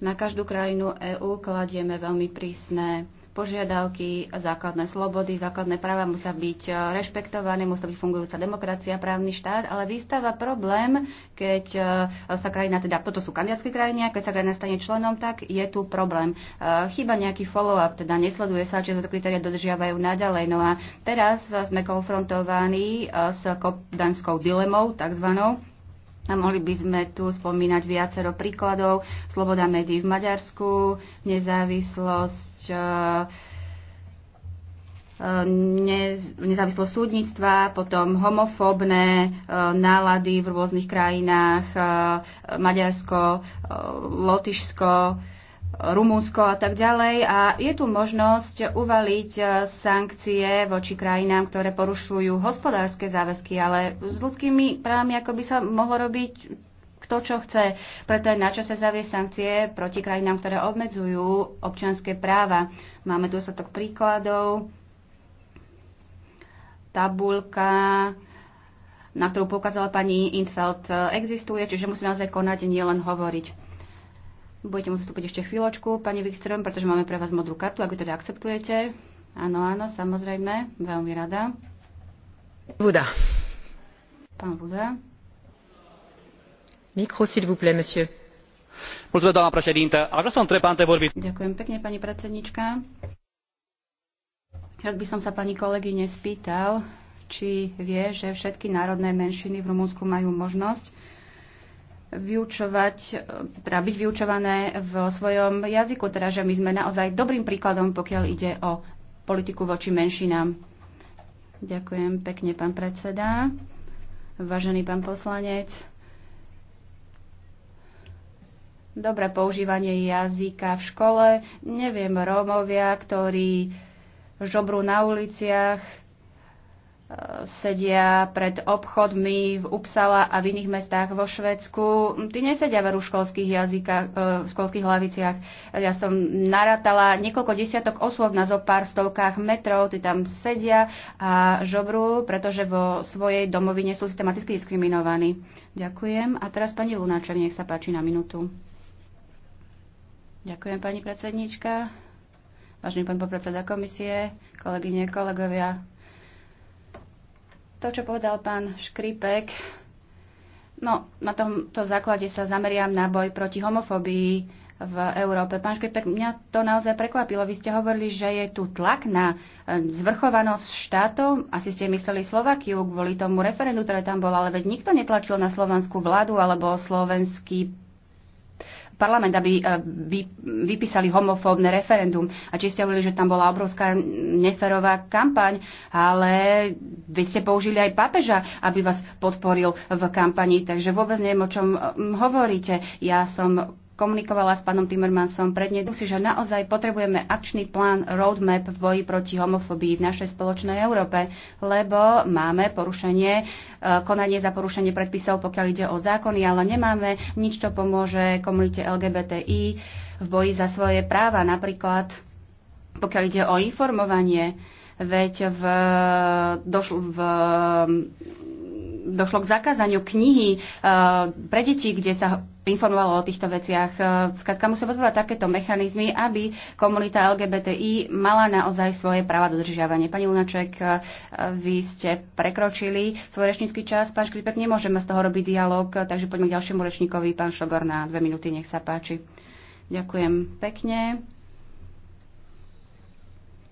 na každú krajinu EÚ kladieme veľmi prísne požiadavky, základné slobody, základné práva musia byť e, rešpektované, musí byť fungujúca demokracia, právny štát, ale vystáva problém, keď e, sa krajina, teda toto sú kandidátske krajiny, a keď sa krajina stane členom, tak je tu problém. E, chyba nejaký follow-up, teda nesleduje sa, či toto kritéria dodržiavajú naďalej. No a teraz sme konfrontovaní s danskou dilemou, takzvanou, a mohli by sme tu spomínať viacero príkladov. Sloboda médií v Maďarsku, nezávislosť e, e, nezávislosť súdnictva, potom homofóbne e, nálady v rôznych krajinách, Maďarsko, Lotyšsko, Rumúnsko a tak ďalej. A je tu možnosť uvaliť e, sankcie voči krajinám, ktoré porušujú hospodárske záväzky, ale s ľudskými právami ako by sa mohlo robiť kto čo chce. Preto je na čase zavie sankcie proti krajinám, ktoré obmedzujú občianské práva. Máme dôsledok príkladov, tabulka, na ktorú poukázala pani Infeld, e, existuje, čiže musíme naozaj konať, nielen hovoriť. Budete musieť vstúpiť ešte chvíľočku, pani Wikström, pretože máme pre vás modrú kartu, ak ju teda akceptujete. Áno, áno, samozrejme, veľmi rada. Buda. Pán Buda. Mikro, s'il vous plaît, monsieur. Mulțumesc, doamna președintă. Aș vrea să întreb antevorbitorul. Ďakujem pekne, pani predsednička. Rád by som sa pani kolegyne spýtal, či vie, že všetky národné menšiny v Rumunsku majú možnosť vyučovať, teda byť vyučované v svojom jazyku, teda že my sme naozaj dobrým príkladom, pokiaľ ide o politiku voči menšinám. Ďakujem pekne, pán predseda. Vážený pán poslanec. Dobré používanie jazyka v škole. Neviem, Rómovia, ktorí žobru na uliciach, sedia pred obchodmi v Upsala a v iných mestách vo Švedsku. Tí nesedia veru v školských, jazykách, e, v školských hlaviciach. Ja som narátala niekoľko desiatok osôb na zo pár stovkách metrov, tí tam sedia a žobru, pretože vo svojej domovine sú systematicky diskriminovaní. Ďakujem. A teraz pani Lunáček, nech sa páči na minútu. Ďakujem, pani predsednička. Vážený pán podpredseda komisie, kolegyne, kolegovia, to, čo povedal pán Škripek, no na tomto základe sa zameriam na boj proti homofóbii v Európe. Pán Škripek, mňa to naozaj prekvapilo. Vy ste hovorili, že je tu tlak na e, zvrchovanosť štátov. Asi ste mysleli Slovakiu kvôli tomu referendu, ktoré tam bolo, ale veď nikto netlačil na slovenskú vládu alebo slovenský parlament, aby e, vy, vypísali homofóbne referendum. A či ste hovorili, že tam bola obrovská neferová kampaň, ale vy ste použili aj pápeža, aby vás podporil v kampani. Takže vôbec neviem, o čom hovoríte. Ja som komunikovala s pánom Timmermansom prednedu si, že naozaj potrebujeme akčný plán roadmap v boji proti homofobii v našej spoločnej Európe, lebo máme porušenie, e, konanie za porušenie predpisov, pokiaľ ide o zákony, ale nemáme nič, čo pomôže komunite LGBTI v boji za svoje práva, napríklad pokiaľ ide o informovanie, veď v, došlo v došlo k zakázaniu knihy eh, pre deti, kde sa informovalo o týchto veciach. Eh, Skladka musia podporovať takéto mechanizmy, aby komunita LGBTI mala naozaj svoje práva dodržiavanie. Pani Lunaček, eh, vy ste prekročili svoj rečnícky čas. Pán Škripek, nemôžeme z toho robiť dialog, takže poďme k ďalšiemu rečníkovi. Pán Šogor na dve minúty, nech sa páči. Ďakujem pekne.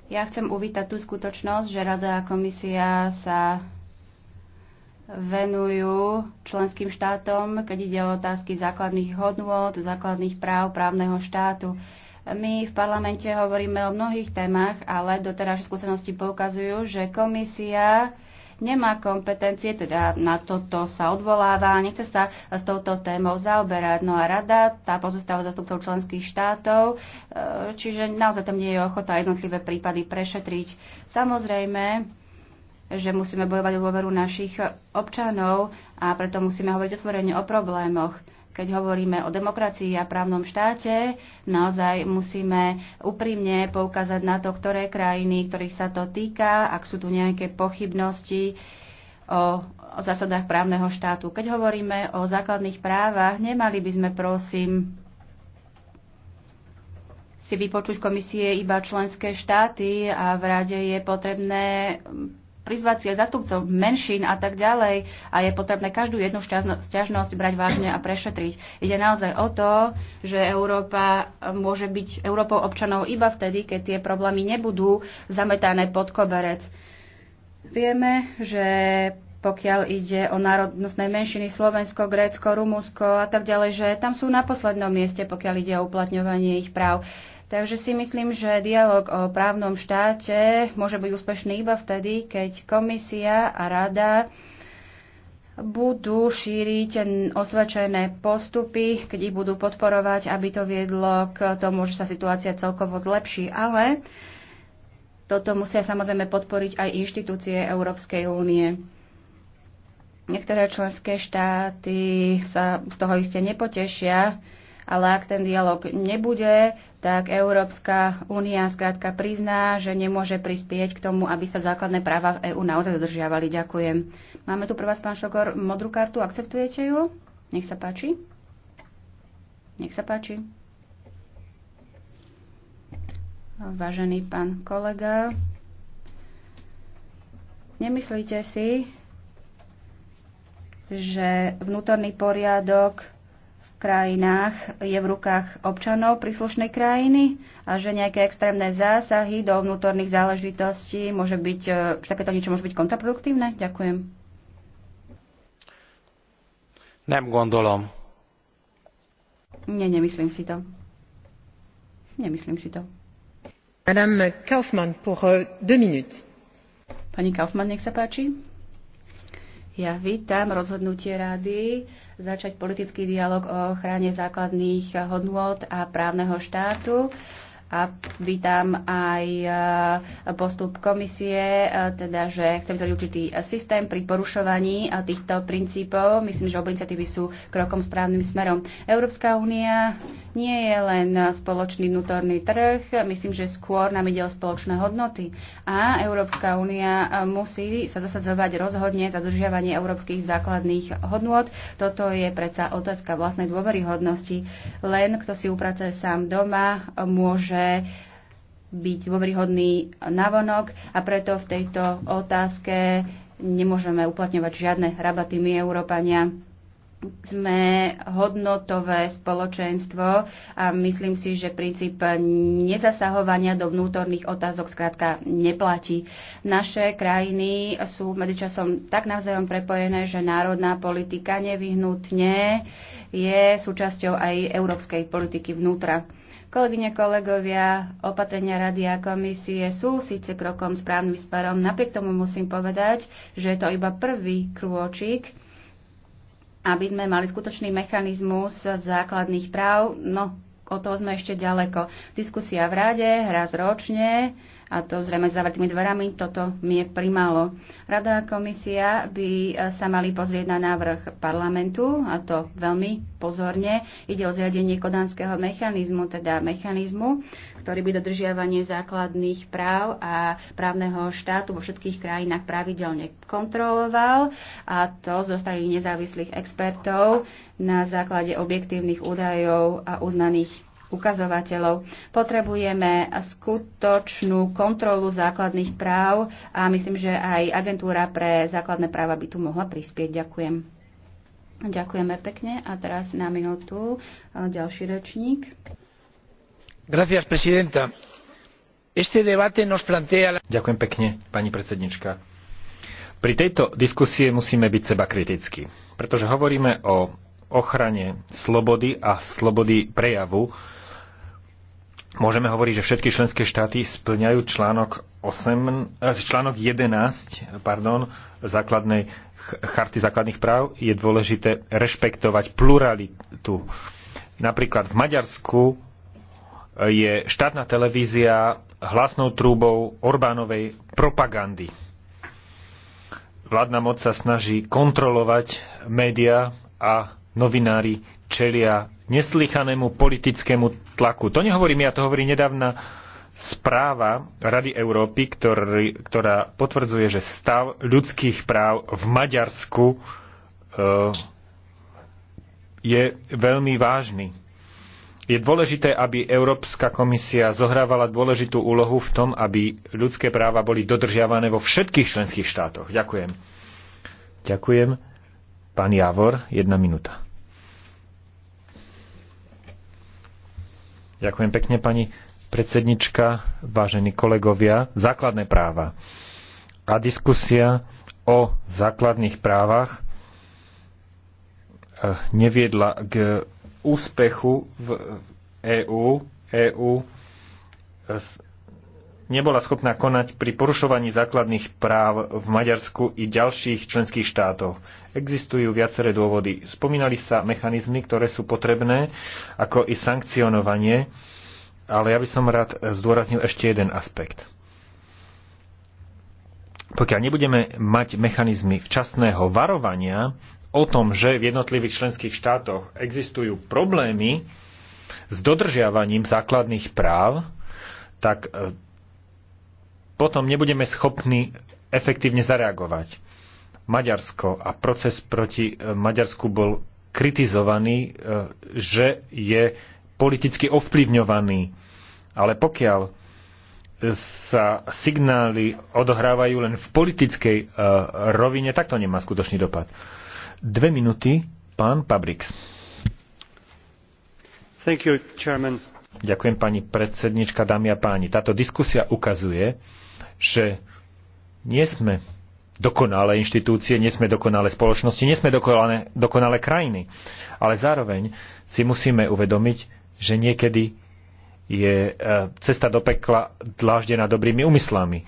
Ja chcem uvítať tú skutočnosť, že Rada a komisia sa venujú členským štátom, keď ide o otázky základných hodnôt, základných práv právneho štátu. My v parlamente hovoríme o mnohých témach, ale doterajšie skúsenosti poukazujú, že komisia nemá kompetencie, teda na toto sa odvoláva, nechce sa s touto témou zaoberať. No a rada, tá pozostáva zastupcov členských štátov, e, čiže naozaj tam nie je ochota jednotlivé prípady prešetriť. Samozrejme, že musíme bojovať o dôveru našich občanov a preto musíme hovoriť otvorene o problémoch. Keď hovoríme o demokracii a právnom štáte, naozaj musíme úprimne poukázať na to, ktoré krajiny, ktorých sa to týka, ak sú tu nejaké pochybnosti o zásadách právneho štátu. Keď hovoríme o základných právach, nemali by sme, prosím, si vypočuť komisie iba členské štáty a v rade je potrebné prizvať si aj zastupcov menšín a tak ďalej a je potrebné každú jednu stiažnosť brať vážne a prešetriť. Ide naozaj o to, že Európa môže byť Európou občanov iba vtedy, keď tie problémy nebudú zametané pod koberec. Vieme, že pokiaľ ide o národnostné menšiny Slovensko, Grécko, Rumunsko a tak ďalej, že tam sú na poslednom mieste, pokiaľ ide o uplatňovanie ich práv. Takže si myslím, že dialog o právnom štáte môže byť úspešný iba vtedy, keď komisia a rada budú šíriť osvedčené postupy, keď ich budú podporovať, aby to viedlo k tomu, že sa situácia celkovo zlepší. Ale toto musia samozrejme podporiť aj inštitúcie Európskej únie. Niektoré členské štáty sa z toho iste nepotešia, ale ak ten dialog nebude, tak Európska únia zkrátka prizná, že nemôže prispieť k tomu, aby sa základné práva v EÚ naozaj dodržiavali. Ďakujem. Máme tu pre vás, pán Šokor, modrú kartu. Akceptujete ju? Nech sa páči. Nech sa páči. Vážený pán kolega, nemyslíte si, že vnútorný poriadok krajinách je v rukách občanov príslušnej krajiny a že nejaké extrémne zásahy do vnútorných záležitostí môže byť, e, že takéto niečo môže byť kontraproduktívne? Ďakujem. Nem gondolom. Nie, nemyslím si to. Nemyslím si to. Madame Kaufmann pour euh, deux minutes. Pani Kaufmann, nech sa páči. Ja vítam rozhodnutie rady začať politický dialog o ochrane základných hodnôt a právneho štátu a vítam aj e, postup komisie, e, teda, že chcem vytvoriť určitý systém pri porušovaní e, týchto princípov. Myslím, že obe iniciatívy sú krokom správnym smerom. Európska únia nie je len spoločný vnútorný trh, myslím, že skôr nám ide o spoločné hodnoty. A Európska únia musí sa zasadzovať rozhodne za dodržiavanie európskych základných hodnôt. Toto je predsa otázka vlastnej dôveryhodnosti. Len kto si upracuje sám doma, môže môže byť dôveryhodný navonok a preto v tejto otázke nemôžeme uplatňovať žiadne rabaty my, Európania sme hodnotové spoločenstvo a myslím si, že princíp nezasahovania do vnútorných otázok skrátka neplatí. Naše krajiny sú medzičasom tak navzájom prepojené, že národná politika nevyhnutne je súčasťou aj európskej politiky vnútra. Kolegyne, kolegovia, opatrenia rady a komisie sú síce krokom správnym sparom. napriek tomu musím povedať, že je to iba prvý krôčik, aby sme mali skutočný mechanizmus základných práv. No, o toho sme ešte ďaleko. Diskusia v rade, raz ročne, a to zrejme zavretými dverami, toto mi je primalo. Rada a komisia by e, sa mali pozrieť na návrh parlamentu, a to veľmi pozorne. Ide o zriadenie kodanského mechanizmu, teda mechanizmu, ktorý by dodržiavanie základných práv a právneho štátu vo všetkých krajinách pravidelne kontroloval, a to zo strany nezávislých expertov na základe objektívnych údajov a uznaných ukazovateľov. Potrebujeme skutočnú kontrolu základných práv a myslím, že aj agentúra pre základné práva by tu mohla prispieť. Ďakujem. Ďakujeme pekne a teraz na minútu ďalší rečník. Gracias, presidenta. Este debate nos plantea... Ďakujem pekne, pani predsednička. Pri tejto diskusie musíme byť seba kritickí, pretože hovoríme o ochrane slobody a slobody prejavu Môžeme hovoriť, že všetky členské štáty splňajú článok, 8, eh, článok 11 pardon, základnej, charty základných práv. Je dôležité rešpektovať pluralitu. Napríklad v Maďarsku eh, je štátna televízia hlasnou trúbou Orbánovej propagandy. Vládna moc sa snaží kontrolovať médiá a novinári čelia neslychanému politickému tlaku. To nehovorím ja, to hovorí nedávna správa Rady Európy, ktorý, ktorá potvrdzuje, že stav ľudských práv v Maďarsku e, je veľmi vážny. Je dôležité, aby Európska komisia zohrávala dôležitú úlohu v tom, aby ľudské práva boli dodržiavané vo všetkých členských štátoch. Ďakujem. Ďakujem. Pán Javor, jedna minúta. Ďakujem pekne, pani predsednička, vážení kolegovia. Základné práva. A diskusia o základných právach eh, neviedla k úspechu v EÚ. EÚ nebola schopná konať pri porušovaní základných práv v Maďarsku i ďalších členských štátoch. Existujú viaceré dôvody. Spomínali sa mechanizmy, ktoré sú potrebné, ako i sankcionovanie, ale ja by som rád zdôraznil ešte jeden aspekt. Pokiaľ nebudeme mať mechanizmy včasného varovania o tom, že v jednotlivých členských štátoch existujú problémy s dodržiavaním základných práv, tak e, potom nebudeme schopní efektívne zareagovať. Maďarsko a proces proti e, Maďarsku bol kritizovaný, e, že je politicky ovplyvňovaný. Ale pokiaľ e, sa signály odohrávajú len v politickej rovine, tak to nemá skutočný dopad. Dve minúty, pán Pabrix. Thank you, Ďakujem pani predsednička, dámy a páni. Táto diskusia ukazuje, že nie sme dokonalé inštitúcie, nie sme dokonalé spoločnosti, nie sme dokonalé, dokonalé krajiny. Ale zároveň si musíme uvedomiť, že niekedy je e, cesta do pekla dláždená dobrými úmyslami.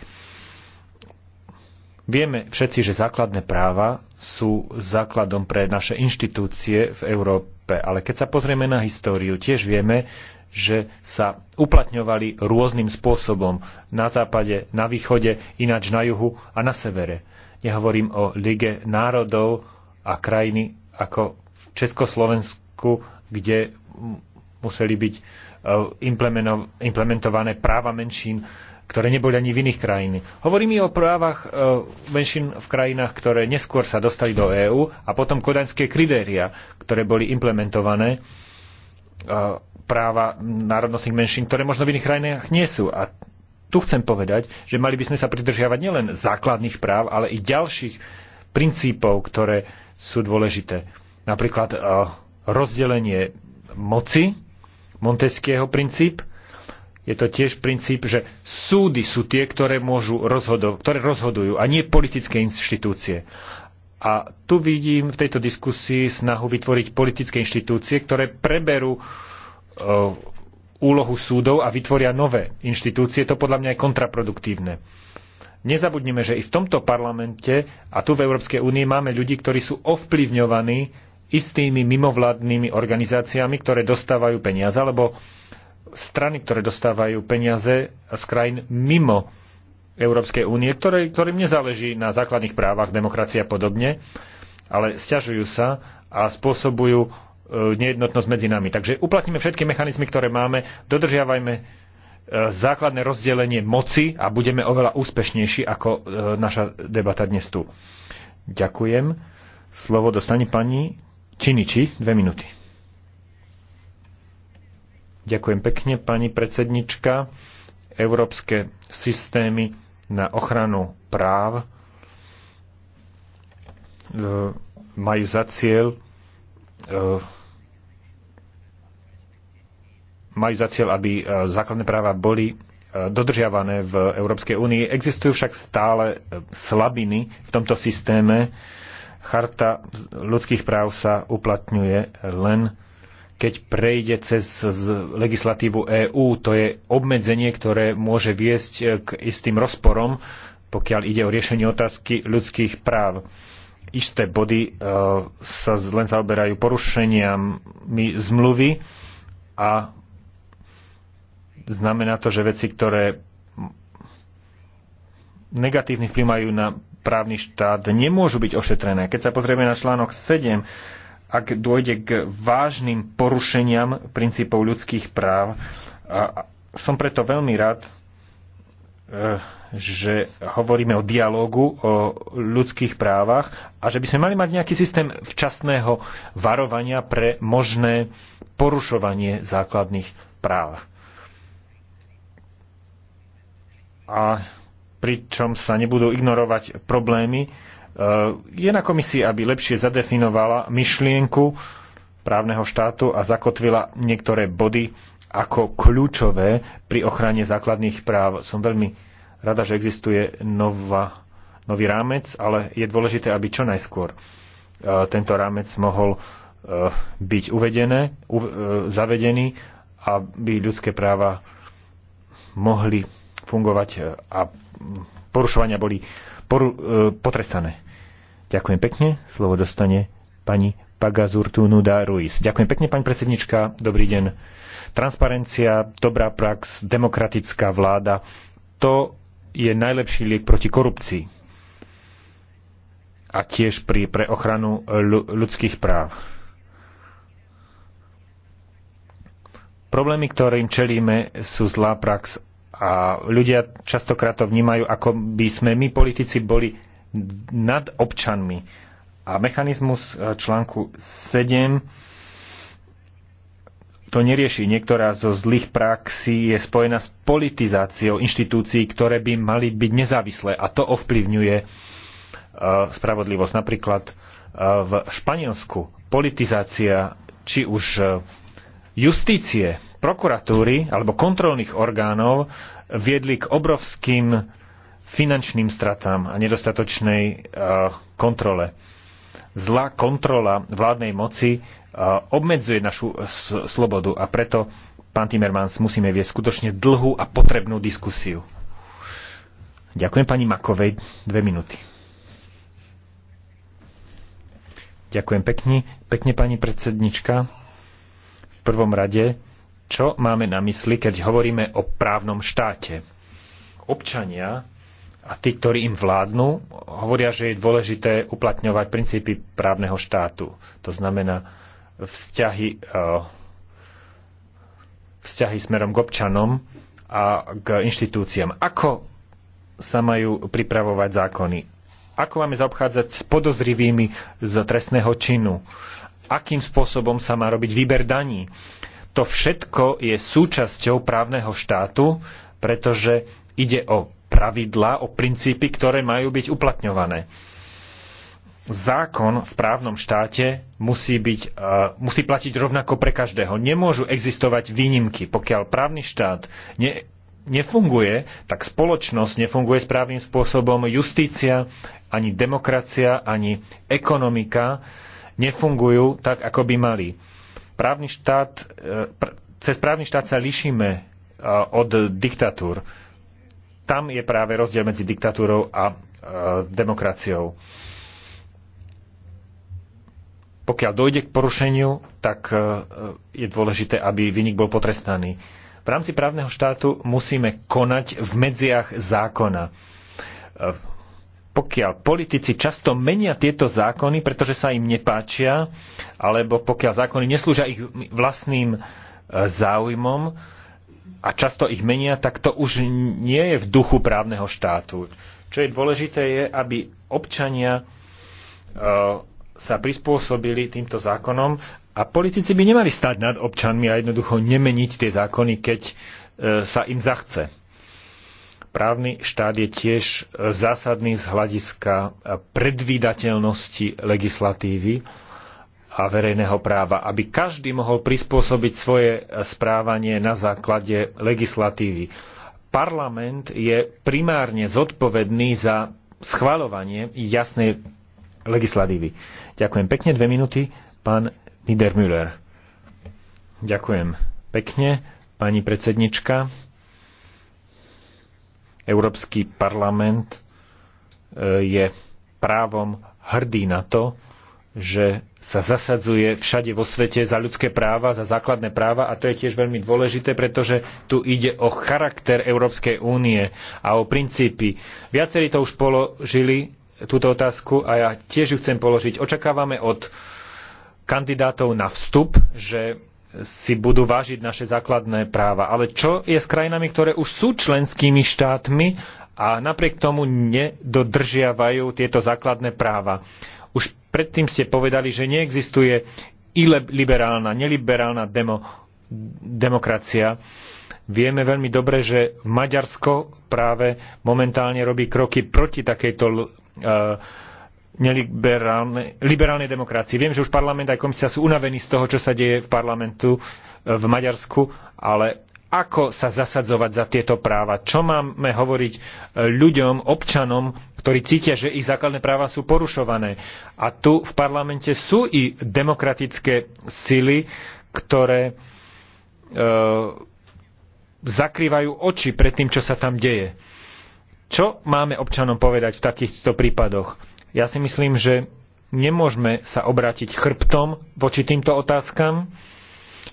Vieme všetci, že základné práva sú základom pre naše inštitúcie v Európe, ale keď sa pozrieme na históriu, tiež vieme, že sa uplatňovali rôznym spôsobom na západe, na východe, ináč na juhu a na severe. Nehovorím o Lige národov a krajiny ako v Československu, kde museli byť e, implementované práva menšín, ktoré neboli ani v iných krajín. Hovorím i o právach e, menšín v krajinách, ktoré neskôr sa dostali do EÚ a potom kodaňské kritéria, ktoré boli implementované práva národnostných menšín, ktoré možno v iných krajinách nie sú. A tu chcem povedať, že mali by sme sa pridržiavať nielen základných práv, ale i ďalších princípov, ktoré sú dôležité. Napríklad rozdelenie moci, Monteskieho princíp. Je to tiež princíp, že súdy sú tie, ktoré, môžu rozhodov- ktoré rozhodujú a nie politické inštitúcie. A tu vidím v tejto diskusii snahu vytvoriť politické inštitúcie, ktoré preberú e, úlohu súdov a vytvoria nové inštitúcie. To podľa mňa je kontraproduktívne. Nezabudnime, že i v tomto parlamente a tu v Európskej únii máme ľudí, ktorí sú ovplyvňovaní istými mimovládnymi organizáciami, ktoré dostávajú peniaze, alebo strany, ktoré dostávajú peniaze z krajín mimo Európskej únie, ktorý, ktorým nezáleží na základných právach, demokracia a podobne, ale stiažujú sa a spôsobujú e, nejednotnosť medzi nami. Takže uplatníme všetky mechanizmy, ktoré máme, dodržiavajme e, základné rozdelenie moci a budeme oveľa úspešnejší ako e, naša debata dnes tu. Ďakujem. Slovo dostane pani Činiči, dve minúty. Ďakujem pekne, pani predsednička. Európske systémy na ochranu práv e, majú za cieľ e, majú za cieľ, aby e, základné práva boli dodržiavané v Európskej únii. Existujú však stále slabiny v tomto systéme. Charta ľudských práv sa uplatňuje len keď prejde cez legislatívu EÚ. To je obmedzenie, ktoré môže viesť e, k istým rozporom, pokiaľ ide o riešenie otázky ľudských práv. Isté body e, sa len zaoberajú porušeniami zmluvy a znamená to, že veci, ktoré negatívne vplyvajú na právny štát, nemôžu byť ošetrené. Keď sa pozrieme na článok 7 ak dôjde k vážnym porušeniam princípov ľudských práv. A som preto veľmi rád, e, že hovoríme o dialógu, o ľudských právach a že by sme mali mať nejaký systém včasného varovania pre možné porušovanie základných práv. A pričom sa nebudú ignorovať problémy, je na komisii, aby lepšie zadefinovala myšlienku právneho štátu a zakotvila niektoré body ako kľúčové pri ochrane základných práv. Som veľmi rada, že existuje nová, nový rámec, ale je dôležité, aby čo najskôr e, tento rámec mohol e, byť uvedené, e, zavedený, aby ľudské práva mohli fungovať a porušovania boli potrestané. Ďakujem pekne. Slovo dostane pani Pagazurtunu Ruiz. Ďakujem pekne, pani predsednička. Dobrý deň. Transparencia, dobrá prax, demokratická vláda. To je najlepší liek proti korupcii a tiež pri, pre ochranu ľudských práv. Problémy, ktorým čelíme, sú zlá prax a ľudia častokrát to vnímajú, ako by sme my politici boli nad občanmi. A mechanizmus e, článku 7 to nerieši. Niektorá zo zlých praxí je spojená s politizáciou inštitúcií, ktoré by mali byť nezávislé a to ovplyvňuje e, spravodlivosť. Napríklad e, v Španielsku politizácia či už justície, prokuratúry alebo kontrolných orgánov viedli k obrovským finančným stratám a nedostatočnej eh, kontrole. Zlá kontrola vládnej moci eh, obmedzuje našu eh, slobodu a preto, pán Timmermans, musíme viesť skutočne dlhú a potrebnú diskusiu. Ďakujem pani Makovej, dve minúty. Ďakujem pekne, pekne pani predsednička. V prvom rade, čo máme na mysli, keď hovoríme o právnom štáte? Občania a tí, ktorí im vládnu, hovoria, že je dôležité uplatňovať princípy právneho štátu. To znamená vzťahy, eh, vzťahy smerom k občanom a k inštitúciám. Ako sa majú pripravovať zákony? Ako máme zaobchádzať s podozrivými z trestného činu? Akým spôsobom sa má robiť výber daní? To všetko je súčasťou právneho štátu, pretože ide o pravidlá, o princípy, ktoré majú byť uplatňované. Zákon v právnom štáte musí, byť, uh, musí platiť rovnako pre každého. Nemôžu existovať výnimky. Pokiaľ právny štát ne, nefunguje, tak spoločnosť nefunguje správnym spôsobom, justícia, ani demokracia, ani ekonomika nefungujú tak, ako by mali. Právny štát, uh, pr- cez právny štát sa lišíme uh, e, od diktatúr tam je práve rozdiel medzi diktatúrou a e, demokraciou. Pokiaľ dojde k porušeniu, tak e, je dôležité, aby vynik bol potrestaný. V rámci právneho štátu musíme konať v medziach zákona. E, pokiaľ politici často menia tieto zákony, pretože sa im nepáčia, alebo pokiaľ zákony neslúžia ich vlastným e, záujmom, a často ich menia, tak to už nie je v duchu právneho štátu. Čo je dôležité je, aby občania e, sa prispôsobili týmto zákonom a politici by nemali stať nad občanmi a jednoducho nemeniť tie zákony, keď e, sa im zachce. Právny štát je tiež e, zásadný z hľadiska predvídateľnosti legislatívy a verejného práva, aby každý mohol prispôsobiť svoje správanie na základe legislatívy. Parlament je primárne zodpovedný za schvaľovanie jasnej legislatívy. Ďakujem pekne, dve minúty, pán Niedermüller. Ďakujem pekne, pani predsednička. Európsky parlament e, je právom hrdý na to, že sa zasadzuje všade vo svete za ľudské práva, za základné práva a to je tiež veľmi dôležité, pretože tu ide o charakter Európskej únie a o princípy. Viacerí to už položili, túto otázku, a ja tiež ju chcem položiť. Očakávame od kandidátov na vstup, že si budú vážiť naše základné práva. Ale čo je s krajinami, ktoré už sú členskými štátmi a napriek tomu nedodržiavajú tieto základné práva? Už predtým ste povedali, že neexistuje iliberálna, neliberálna demo, demokracia. Vieme veľmi dobre, že Maďarsko práve momentálne robí kroky proti takejto uh, neliberálne, liberálnej demokracii. Viem, že už parlament aj komisia sú unavení z toho, čo sa deje v parlamentu e, v Maďarsku, ale ako sa zasadzovať za tieto práva. Čo máme hovoriť e, ľuďom, občanom, ktorí cítia, že ich základné práva sú porušované. A tu v parlamente sú i demokratické sily, ktoré e, zakrývajú oči pred tým, čo sa tam deje. Čo máme občanom povedať v takýchto prípadoch? Ja si myslím, že nemôžeme sa obrátiť chrbtom voči týmto otázkam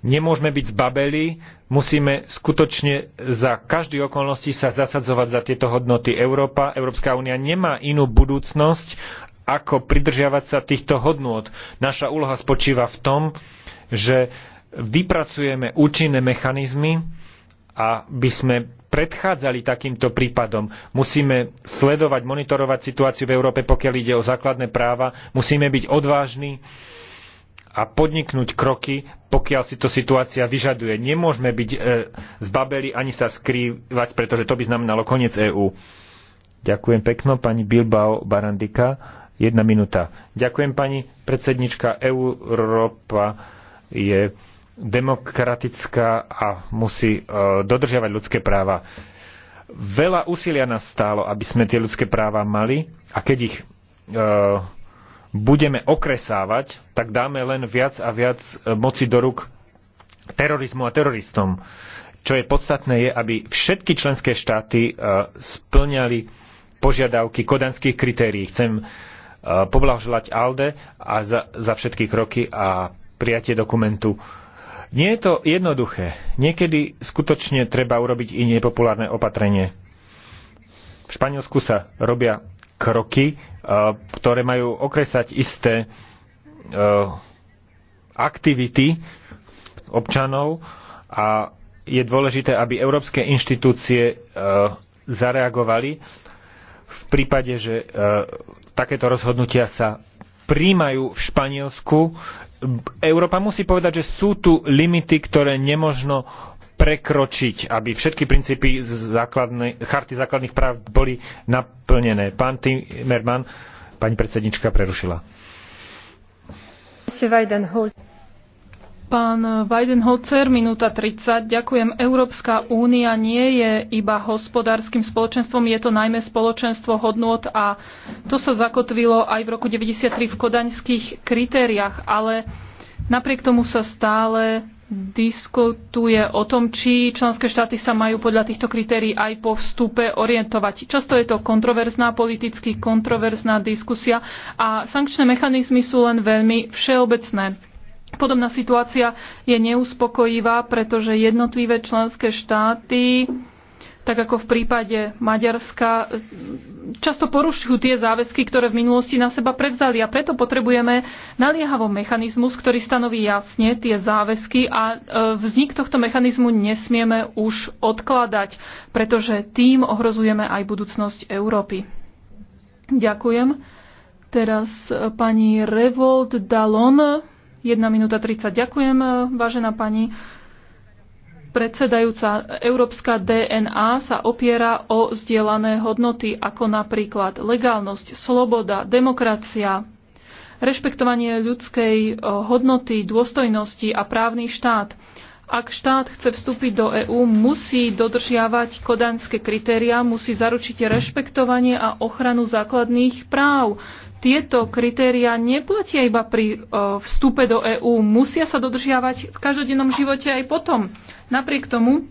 Nemôžeme byť zbabeli, musíme skutočne za každé okolnosti sa zasadzovať za tieto hodnoty. Európa, Európska únia nemá inú budúcnosť, ako pridržiavať sa týchto hodnôt. Naša úloha spočíva v tom, že vypracujeme účinné mechanizmy, aby sme predchádzali takýmto prípadom. Musíme sledovať, monitorovať situáciu v Európe, pokiaľ ide o základné práva. Musíme byť odvážni a podniknúť kroky, pokiaľ si to situácia vyžaduje. Nemôžeme byť e, zbabeli ani sa skrývať, pretože to by znamenalo koniec EÚ. Ďakujem pekno, pani Bilbao Barandika. Jedna minúta. Ďakujem, pani predsednička. Európa je demokratická a musí e, dodržiavať ľudské práva. Veľa úsilia nás stálo, aby sme tie ľudské práva mali a keď ich e, budeme okresávať, tak dáme len viac a viac e, moci do ruk terorizmu a teroristom. Čo je podstatné je, aby všetky členské štáty e, splňali požiadavky kodanských kritérií. Chcem e, poblahoželať ALDE a za, za všetky kroky a prijatie dokumentu. Nie je to jednoduché. Niekedy skutočne treba urobiť i nepopulárne opatrenie. V Španielsku sa robia kroky, e, ktoré majú okresať isté e, aktivity občanov a je dôležité, aby európske inštitúcie e, zareagovali v prípade, že takéto rozhodnutia sa príjmajú v Španielsku. Európa musí povedať, že sú tu limity, ktoré nemožno prekročiť, aby všetky princípy základnej, charty základných práv boli naplnené. Pán Timerman, pani predsednička prerušila. Pán Weidenholzer, minúta 30. Ďakujem. Európska únia nie je iba hospodárskym spoločenstvom, je to najmä spoločenstvo hodnôt a to sa zakotvilo aj v roku 1993 v kodaňských kritériách, ale napriek tomu sa stále diskutuje o tom, či členské štáty sa majú podľa týchto kritérií aj po vstupe orientovať. Často je to kontroverzná, politicky kontroverzná diskusia a sankčné mechanizmy sú len veľmi všeobecné. Podobná situácia je neuspokojivá, pretože jednotlivé členské štáty tak ako v prípade Maďarska, často porušujú tie záväzky, ktoré v minulosti na seba prevzali. A preto potrebujeme naliehavo mechanizmus, ktorý stanoví jasne tie záväzky a e, vznik tohto mechanizmu nesmieme už odkladať, pretože tým ohrozujeme aj budúcnosť Európy. Ďakujem. Teraz e, pani Revolt Dalon, 1 minúta 30. Ďakujem, e, vážená pani predsedajúca európska DNA sa opiera o zdieľané hodnoty ako napríklad legálnosť, sloboda, demokracia, rešpektovanie ľudskej eh, hodnoty, dôstojnosti a právny štát. Ak štát chce vstúpiť do EÚ, musí dodržiavať kodanské kritériá, musí zaručiť rešpektovanie a ochranu základných práv. Tieto kritériá neplatia iba pri eh, vstupe do EÚ, musia sa dodržiavať v každodennom živote aj potom. Napriek tomu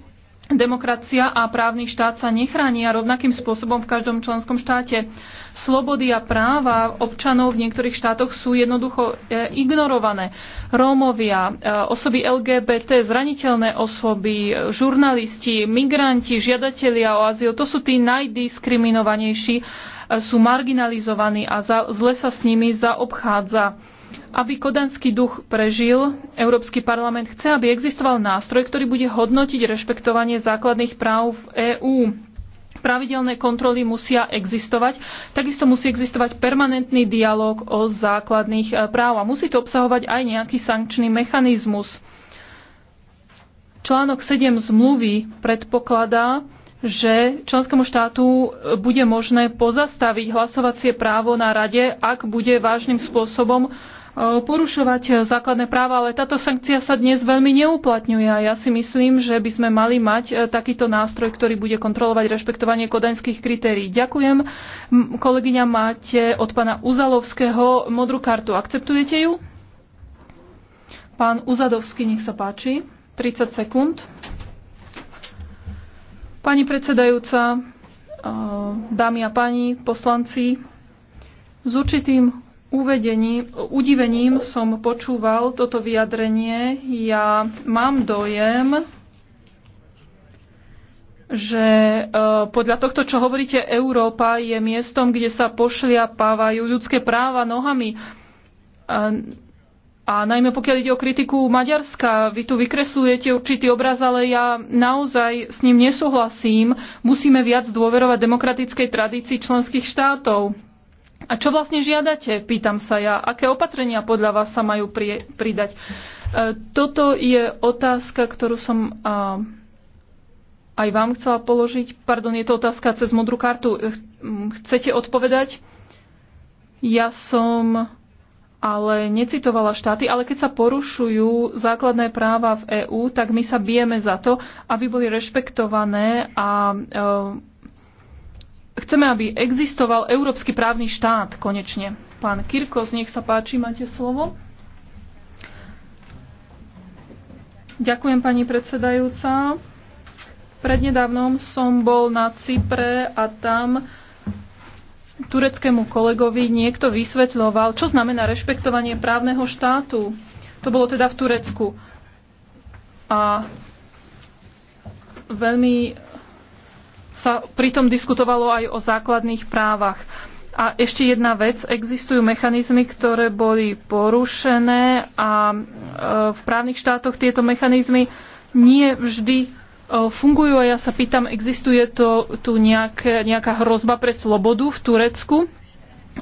Demokracia a právny štát sa nechránia rovnakým spôsobom v každom členskom štáte. Slobody a práva občanov v niektorých štátoch sú jednoducho e, ignorované. Rómovia, e, osoby LGBT, zraniteľné osoby, e, žurnalisti, migranti, žiadatelia o azyl, to sú tí najdiskriminovanejší, sú marginalizovaní a zle sa s nimi zaobchádza aby kodanský duch prežil, Európsky parlament chce, aby existoval nástroj, ktorý bude hodnotiť rešpektovanie základných práv v EÚ. Pravidelné kontroly musia existovať, takisto musí existovať permanentný dialog o základných e, práv a musí to obsahovať aj nejaký sankčný mechanizmus. Článok 7 zmluvy predpokladá, že členskému štátu e, bude možné pozastaviť hlasovacie právo na rade, ak bude vážnym spôsobom Eh, porušovať eh, základné práva, ale táto sankcia sa dnes veľmi neuplatňuje a ja si myslím, že by sme mali mať eh, takýto nástroj, ktorý bude kontrolovať rešpektovanie kodaňských kritérií. Ďakujem. Kolegyňa, máte od pána Uzalovského modrú kartu. Akceptujete ju? Pán Uzadovský, nech sa páči. 30 sekúnd. Pani predsedajúca, dámy a páni, poslanci, s určitým uvedením, udivením som počúval toto vyjadrenie. Ja mám dojem, že e, podľa tohto, čo hovoríte, Európa je miestom, kde sa pošliapávajú ľudské práva nohami. A, e, a najmä pokiaľ ide o kritiku Maďarska, vy tu vykresujete určitý obraz, ale ja naozaj s ním nesúhlasím. Musíme viac dôverovať demokratickej tradícii členských štátov. A čo vlastne žiadate? Pýtam sa ja. Aké opatrenia podľa vás sa majú prie, pridať? E, toto je otázka, ktorú som a, aj vám chcela položiť. Pardon, je to otázka cez modrú kartu. Chcete odpovedať? Ja som ale necitovala štáty, ale keď sa porušujú základné práva v EÚ, tak my sa bijeme za to, aby boli rešpektované a e, Chceme, aby existoval európsky právny štát konečne. Pán Kirkos, nech sa páči, máte slovo. Ďakujem, pani predsedajúca. Prednedávnom som bol na Cypre a tam tureckému kolegovi niekto vysvetľoval, čo znamená rešpektovanie právneho štátu. To bolo teda v Turecku. A veľmi sa pritom diskutovalo aj o základných právach. A ešte jedna vec, existujú mechanizmy, ktoré boli porušené a e, v právnych štátoch tieto mechanizmy nie vždy e, fungujú a ja sa pýtam, existuje to tu nejaké, nejaká hrozba pre slobodu v Turecku?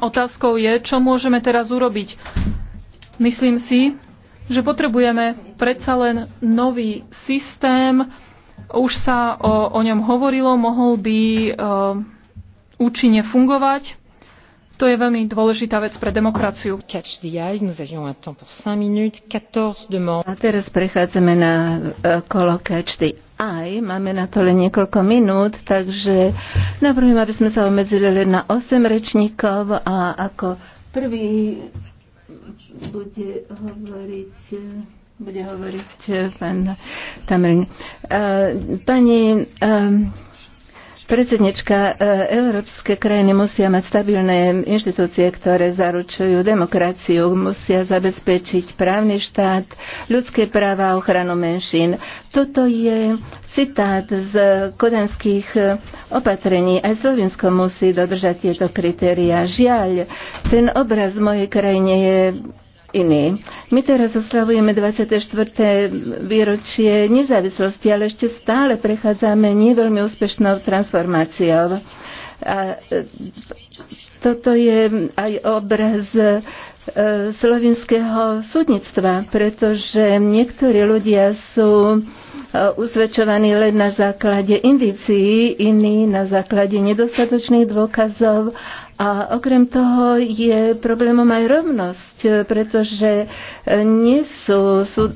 Otázkou je, čo môžeme teraz urobiť. Myslím si, že potrebujeme predsa len nový systém, už sa o, o ňom hovorilo, mohol by e, účinne fungovať. To je veľmi dôležitá vec pre demokraciu. A teraz prechádzame na e, kolo Catch the Eye. Máme na to len niekoľko minút, takže navrhujem, aby sme sa obmedzili len na 8 rečníkov a ako prvý bude hovoriť bude hovoriť e, pán Tamrin. E, pani e, Predsednička, európske krajiny musia mať stabilné inštitúcie, ktoré zaručujú demokraciu, musia zabezpečiť právny štát, ľudské práva a ochranu menšín. Toto je citát z kodanských opatrení. Aj Slovinsko musí dodržať tieto kritéria. Žiaľ, ten obraz v mojej krajine je iný. My teraz oslavujeme 24. výročie nezávislosti, ale ešte stále prechádzame neveľmi úspešnou transformáciou. A e, toto je aj obraz e, slovinského súdnictva, pretože niektorí ľudia sú E, usvedčovaní len na základe indicií, iní na základe nedostatočných dôkazov a okrem toho je problémom aj rovnosť, e, pretože e, nie sú, sú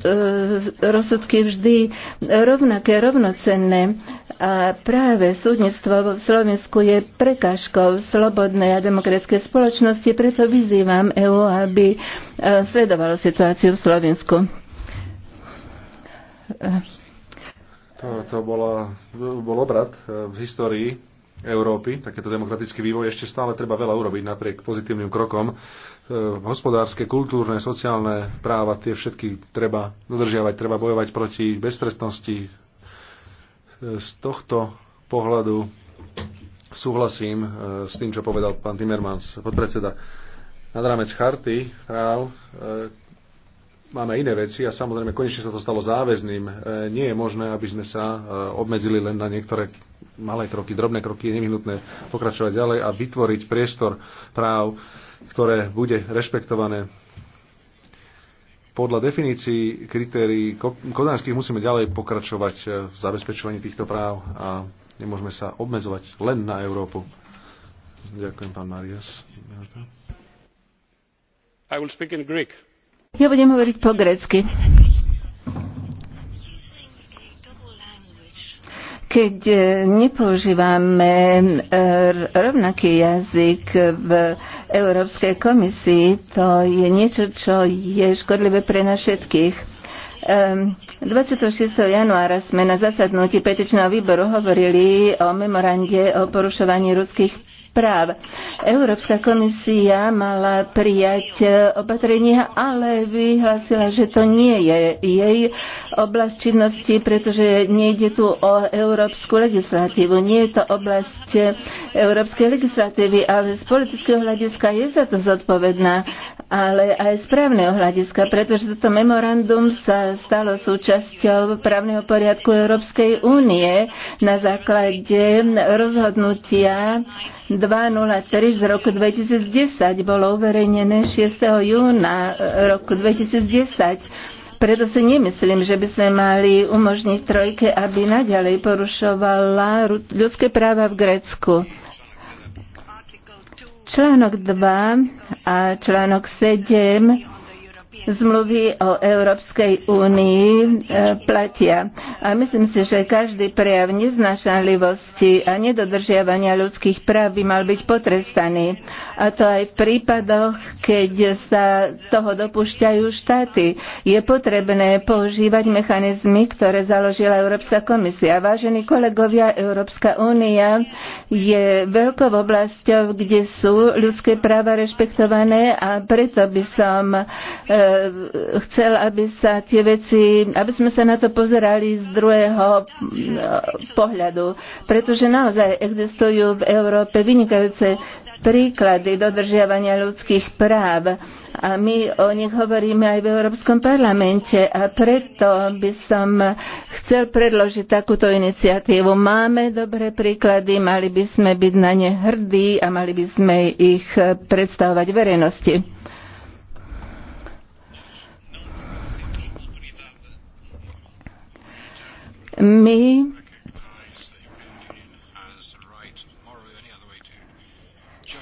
rozsudky vždy rovnaké, rovnocenné. A práve súdnictvo v Slovensku je prekážkou slobodnej a demokratickej spoločnosti, preto vyzývam EU, aby sledovalo situáciu v Slovensku. To, to bola, bol obrad eh, v histórii Európy, takéto demokratický vývoj, ešte stále treba veľa urobiť napriek pozitívnym krokom. Eh, hospodárske, kultúrne, sociálne práva, tie všetky treba dodržiavať, treba bojovať proti beztrestnosti. Eh, z tohto pohľadu súhlasím s tým, čo povedal pán Timmermans, podpredseda. Nad rámec charty práv, máme iné veci a samozrejme konečne sa to stalo záväzným. E, nie je možné, aby sme sa e, obmedzili len na niektoré malé kroky, drobné kroky. Je nevyhnutné pokračovať ďalej a vytvoriť priestor práv, ktoré bude rešpektované. Podľa definícií kritérií kodánskych musíme ďalej pokračovať e, v zabezpečovaní týchto práv a nemôžeme sa obmedzovať len na Európu. Ďakujem, pán Marias. I will speak in Greek. Ja budem hovoriť po grecky. Keď eh, nepoužívame eh, rovnaký jazyk v Európskej komisii, to je niečo, čo je škodlivé pre nás všetkých. 26. Ehm, januára sme na zasadnutí petičného výboru hovorili o memorande o porušovaní ľudských správ. Európska komisia mala prijať e, opatrenia, ale vyhlásila, že to nie je jej oblasť činnosti, pretože nejde tu o európsku legislatívu. Nie je to oblasť e, európskej legislatívy, ale z politického hľadiska je za to zodpovedná, ale aj z právneho hľadiska, pretože toto memorandum sa stalo súčasťou právneho poriadku Európskej únie na základe rozhodnutia 203 z roku 2010 bolo uverejnené 6. júna e, roku 2010. Preto si nemyslím, že by sme mali umožniť trojke, aby naďalej porušovala ľudské práva v Grécku. Článok 2 a článok 7 zmluvy o Európskej únii e, platia. A myslím si, že každý prejav neznášanlivosti a nedodržiavania ľudských práv by mal byť potrestaný a to aj v prípadoch, keď sa toho dopúšťajú štáty. Je potrebné používať mechanizmy, ktoré založila Európska komisia. Vážení kolegovia, Európska únia je veľkou oblasťou, kde sú ľudské práva rešpektované a preto by som e, chcel, aby sa tie veci, aby sme sa na to pozerali z druhého e, pohľadu. Pretože naozaj existujú v Európe vynikajúce príklady dodržiavania ľudských práv a my o nich hovoríme aj v Európskom parlamente a preto by som chcel predložiť takúto iniciatívu. Máme dobré príklady, mali by sme byť na ne hrdí a mali by sme ich predstavovať verejnosti. My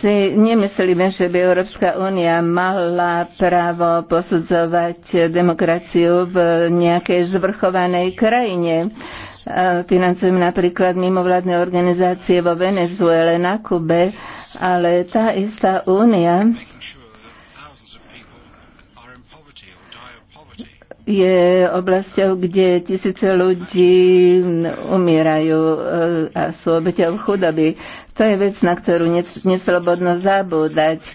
si nemyslíme, že by Európska únia mala právo posudzovať demokraciu v nejakej zvrchovanej krajine. Financujem napríklad mimovládne organizácie vo Venezuele, na Kube, ale tá istá únia je oblasťou, kde tisíce ľudí umierajú eh, a sú obeťou chudoby. To je vec, na ktorú neslobodno zabúdať.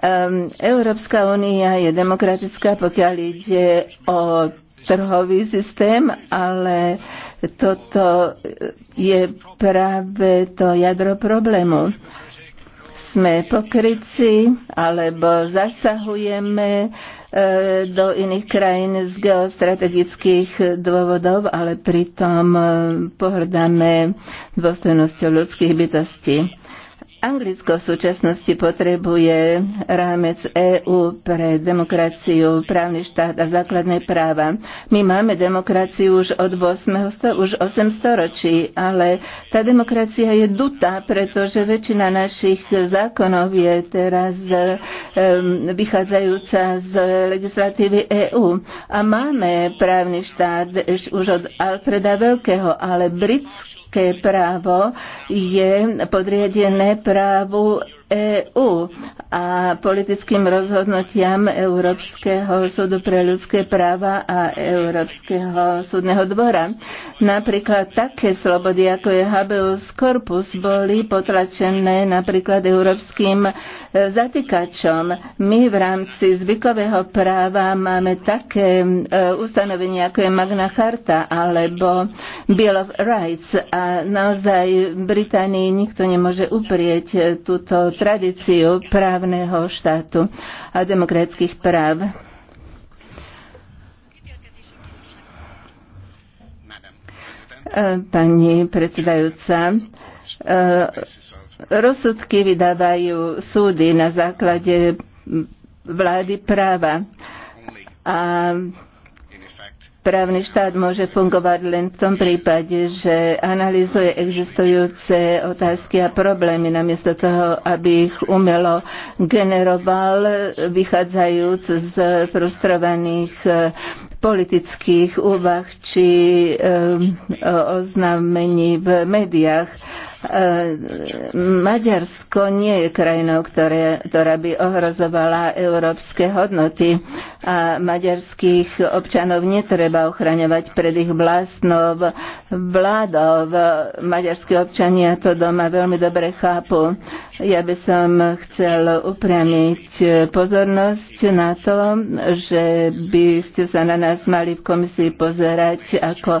Ehm, Európska únia je demokratická, pokiaľ ide o trhový systém, ale toto eh, je práve to jadro problému sme pokryci alebo zasahujeme e, do iných krajín z geostrategických dôvodov, ale pritom e, pohrdáme dôstojnosťou ľudských bytostí. Anglicko v súčasnosti potrebuje rámec EÚ pre demokraciu, právny štát a základné práva. My máme demokraciu už od 8. už 8 storočí, ale tá demokracia je dutá, pretože väčšina našich zákonov je teraz e, vychádzajúca z legislatívy EÚ. A máme právny štát už od Alfreda Veľkého, ale britský európske právo je podriadené právu EÚ a politickým rozhodnutiam Európskeho súdu pre ľudské práva a Európskeho súdneho dvora. Napríklad také slobody, ako je habeus corpus, boli potlačené napríklad európskym e, zatýkačom. My v rámci zvykového práva máme také e, ustanovenia, ako je Magna Charta alebo Bill of Rights a naozaj v Británii nikto nemôže uprieť e, túto tradíciu právneho štátu a demokratických práv. Eh, pani predsedajúca, eh, rozsudky vydávajú súdy na základe vlády práva. A Právny štát môže fungovať len v tom prípade, že analizuje existujúce otázky a problémy, namiesto toho, aby ich umelo generoval, vychádzajúc z frustrovaných eh, politických úvah či eh, oznámení v médiách E, Maďarsko nie je krajinou, ktoré, ktorá by ohrozovala európske hodnoty a maďarských občanov netreba ochraňovať pred ich vlastnou vládou. Maďarskí občania to doma veľmi dobre chápu. Ja by som chcel upriamiť pozornosť na to, že by ste sa na nás mali v komisii pozerať ako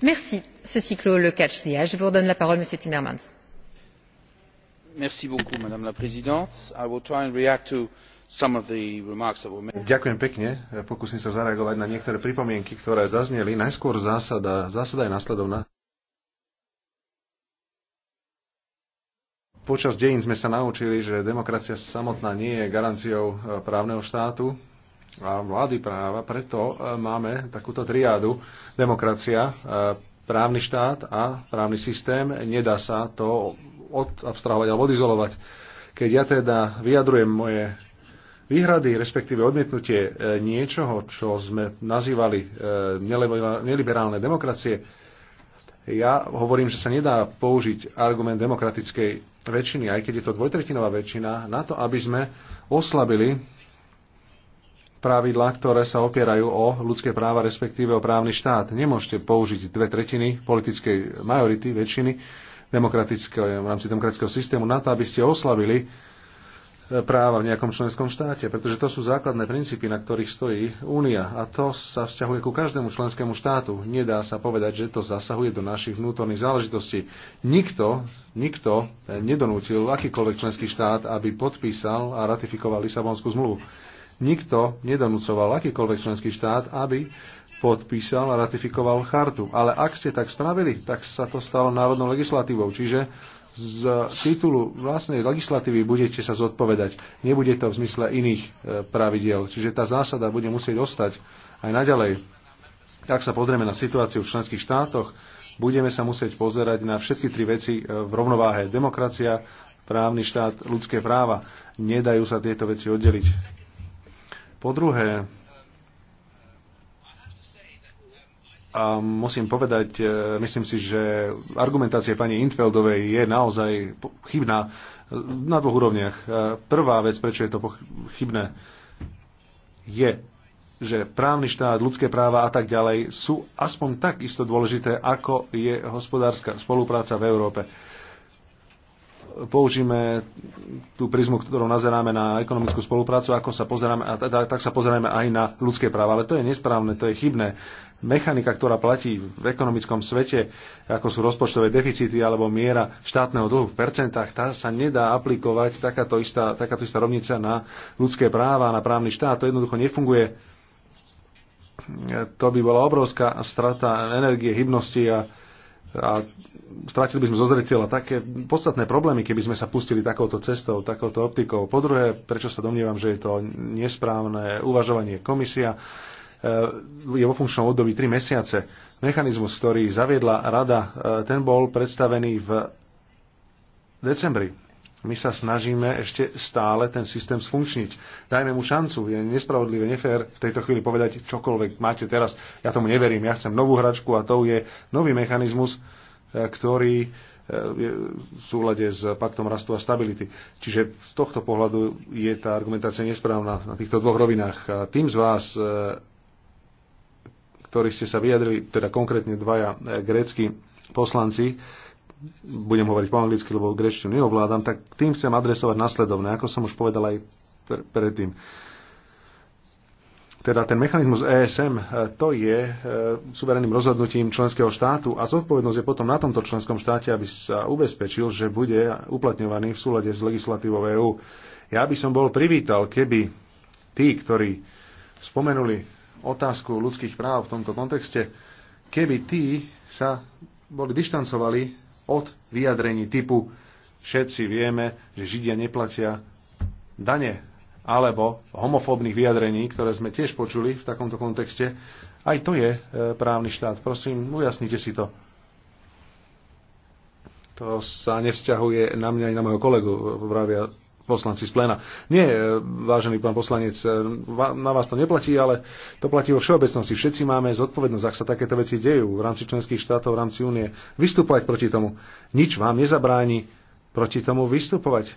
le Ďakujem pekne. Ja pokúsim sa zareagovať na niektoré pripomienky, ktoré zazneli. Najskôr zásada, zásada je nasledovná. Počas dejín sme sa naučili, že demokracia samotná nie je garanciou eh, právneho štátu, a vlády práva. Preto e, máme takúto triádu demokracia, e, právny štát a právny systém. Nedá sa to odabstrahovať alebo odizolovať. Keď ja teda vyjadrujem moje výhrady, respektíve odmietnutie e, niečoho, čo sme nazývali neliberálne demokracie, ja hovorím, že sa nedá použiť argument demokratickej väčšiny, aj keď je to dvojtretinová väčšina, na to, aby sme oslabili pravidlá, ktoré sa opierajú o ľudské práva, respektíve o právny štát. Nemôžete použiť dve tretiny politickej majority, väčšiny v rámci demokratického systému na to, aby ste oslabili e, práva v nejakom členskom štáte, pretože to sú základné princípy, na ktorých stojí únia a to sa vzťahuje ku každému členskému štátu. Nedá sa povedať, že to zasahuje do našich vnútorných záležitostí. Nikto, nikto e, nedonútil akýkoľvek členský štát, aby podpísal a ratifikoval Lisabonskú zmluvu nikto nedonúcoval akýkoľvek členský štát, aby podpísal a ratifikoval chartu. Ale ak ste tak spravili, tak sa to stalo národnou legislatívou. Čiže z titulu vlastnej legislatívy budete sa zodpovedať. Nebude to v zmysle iných e, pravidiel. Čiže tá zásada bude musieť ostať aj naďalej. Ak sa pozrieme na situáciu v členských štátoch, budeme sa musieť pozerať na všetky tri veci e, v rovnováhe. Demokracia, právny štát, ľudské práva. Nedajú sa tieto veci oddeliť. Po druhé, a musím povedať, e, myslím si, že argumentácia pani Intfeldovej je naozaj chybná na dvoch úrovniach. E, prvá vec, prečo je to chybné, je, že právny štát, ľudské práva a tak ďalej sú aspoň tak isto dôležité, ako je hospodárska spolupráca v Európe použijeme tú prizmu, ktorou nazeráme na ekonomickú spoluprácu, ako sa pozeráme, a tak, tak sa pozeráme aj na ľudské práva. Ale to je nesprávne, to je chybné. Mechanika, ktorá platí v ekonomickom svete, ako sú rozpočtové deficity alebo miera štátneho dlhu v percentách, tá sa nedá aplikovať takáto istá, takáto istá rovnica na ľudské práva, na právny štát. To jednoducho nefunguje. To by bola obrovská strata energie, hybnosti a a stratili by sme zo zretela také podstatné problémy, keby sme sa pustili takouto cestou, takouto optikou. Po druhé, prečo sa domnievam, že je to nesprávne uvažovanie komisia, e, je vo funkčnom období 3 mesiace. Mechanizmus, ktorý zaviedla rada, e, ten bol predstavený v decembri my sa snažíme ešte stále ten systém sfunkčniť. Dajme mu šancu. Je nespravodlivé, nefér v tejto chvíli povedať čokoľvek máte teraz. Ja tomu neverím. Ja chcem novú hračku a to je nový mechanizmus, e, ktorý e, je v súlade s paktom rastu a stability. Čiže z tohto pohľadu je tá argumentácia nesprávna na týchto dvoch rovinách. A tým z vás, e, ktorí ste sa vyjadrili, teda konkrétne dvaja grécky poslanci, budem hovoriť po anglicky, lebo grečtinu neovládam, tak tým chcem adresovať nasledovne, ako som už povedal aj predtým. Teda ten mechanizmus ESM, e, to je e, suverenným rozhodnutím členského štátu a zodpovednosť je potom na tomto členskom štáte, aby sa ubezpečil, že bude uplatňovaný v súlade s legislatívou EÚ. Ja by som bol privítal, keby tí, ktorí spomenuli otázku ľudských práv v tomto kontexte, keby tí sa boli dištancovali od vyjadrení typu všetci vieme, že Židia neplatia dane alebo homofóbnych vyjadrení, ktoré sme tiež počuli v takomto kontexte, aj to je e, právny štát. Prosím, ujasnite si to. To sa nevzťahuje na mňa ani na môjho kolegu, pravia e, poslanci z pléna. Nie, e, vážený pán poslanec, e, na vás to neplatí, ale to platí vo všeobecnosti. Všetci máme zodpovednosť, ak sa takéto veci dejú v rámci členských štátov, v rámci únie, vystupovať proti tomu. Nič vám nezabráni proti tomu vystupovať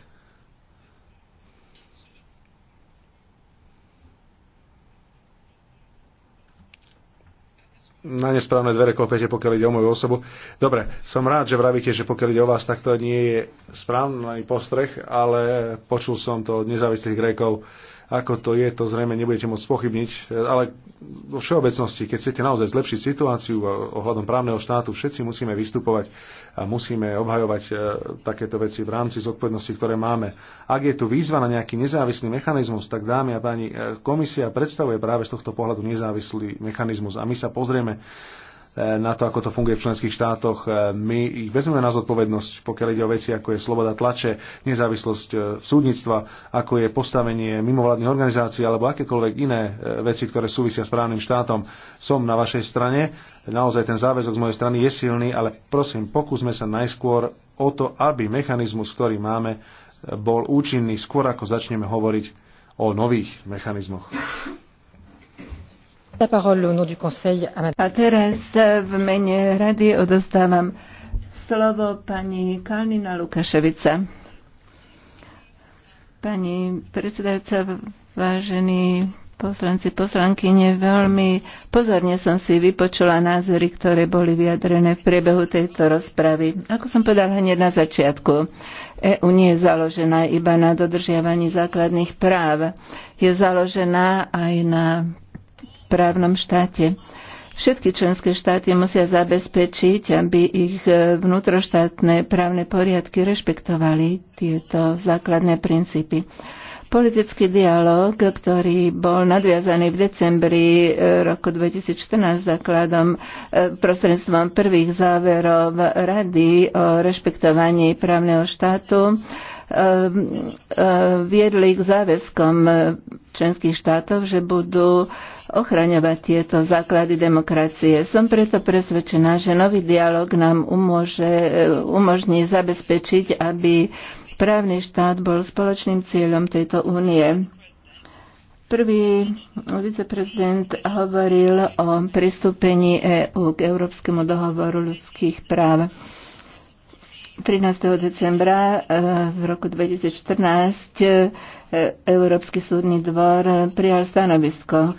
na nesprávne dvere klopete, pokiaľ ide o moju osobu. Dobre, som rád, že vravíte, že pokiaľ ide o vás, tak to nie je správny postreh, ale počul som to od nezávislých Grékov ako to je, to zrejme nebudete môcť pochybniť, ale vo všeobecnosti, keď chcete naozaj zlepšiť situáciu ohľadom právneho štátu, všetci musíme vystupovať a musíme obhajovať e, takéto veci v rámci zodpovednosti, ktoré máme. Ak je tu výzva na nejaký nezávislý mechanizmus, tak dámy a páni, e, komisia predstavuje práve z tohto pohľadu nezávislý mechanizmus a my sa pozrieme E, na to, ako to funguje v členských štátoch. E, my ich vezmeme na zodpovednosť, pokiaľ ide o veci, ako je sloboda tlače, nezávislosť e, súdnictva, ako je postavenie mimovládnych organizácií alebo akékoľvek iné veci, ktoré súvisia s právnym štátom. Som na vašej strane. Naozaj ten záväzok z mojej strany je silný, ale prosím, pokúsme sa najskôr o to, aby mechanizmus, ktorý máme, bol účinný skôr, ako začneme hovoriť o nových mechanizmoch. A teraz e, v mene rady odostávam slovo pani Kalnina Lukaševica. Pani predsedajúca, vážení poslanci, poslankyne, veľmi pozorne som si vypočula názory, ktoré boli vyjadrené v priebehu tejto rozpravy. Ako som povedal hneď na začiatku, EU nie je založená iba na dodržiavaní základných práv. Je založená aj na právnom štáte. Všetky členské štáty musia zabezpečiť, aby ich e, vnútroštátne právne poriadky rešpektovali tieto základné princípy. Politický dialog, ktorý bol nadviazaný v decembri e, roku 2014 základom e, prostredstvom prvých záverov Rady o rešpektovaní právneho štátu, Ehm, ehm, viedli k záväzkom členských štátov, že budú ochraňovať tieto základy demokracie. Som preto presvedčená, že nový dialog nám umôže, eh, umožní zabezpečiť, aby právny štát bol spoločným cieľom tejto únie. Prvý viceprezident hovoril o pristúpení EÚ k Európskemu dohovoru ľudských práv. 13. decembra eh, v roku 2014 eh, Európsky súdny dvor prijal stanovisko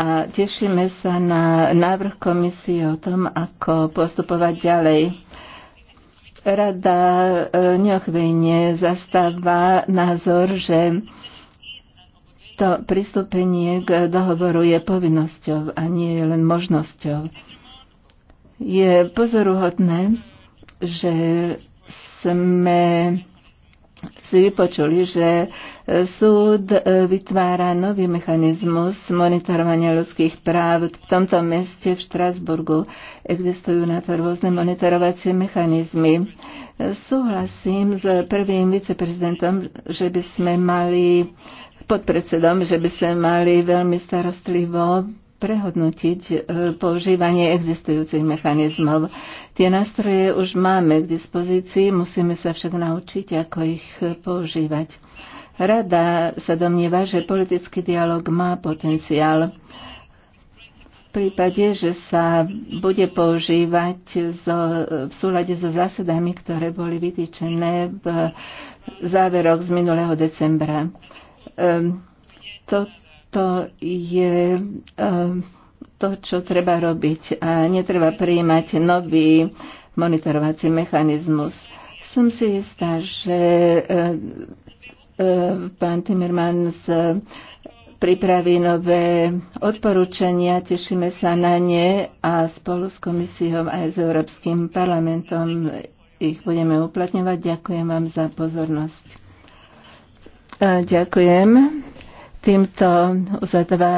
a tešíme sa na návrh komisie o tom, ako postupovať ďalej. Rada eh, neochvejne zastáva názor, že to pristúpenie k dohovoru je povinnosťou a nie len možnosťou. Je pozoruhodné, že sme si vypočuli, že súd vytvára nový mechanizmus monitorovania ľudských práv. V tomto meste v Štrasburgu existujú na to rôzne monitorovacie mechanizmy. Súhlasím s prvým viceprezidentom, že by sme mali podpredsedom, že by sme mali veľmi starostlivo prehodnotiť eh, používanie existujúcich mechanizmov. Tie nástroje už máme k dispozícii, musíme sa však naučiť, ako ich používať. Rada sa domnieva, že politický dialog má potenciál. V prípade, že sa bude používať zo, v súlade so zásadami, ktoré boli vytýčené v záveroch z minulého decembra. Ehm, toto je ehm, to, čo treba robiť a netreba prijímať nový monitorovací mechanizmus. Som si istá, že e, e, pán Timmermans e, pripraví nové odporúčania, tešíme sa na ne a spolu s komisiou aj s Európskym parlamentom ich budeme uplatňovať. Ďakujem vám za pozornosť. Ďakujem. Týmto uzatváram.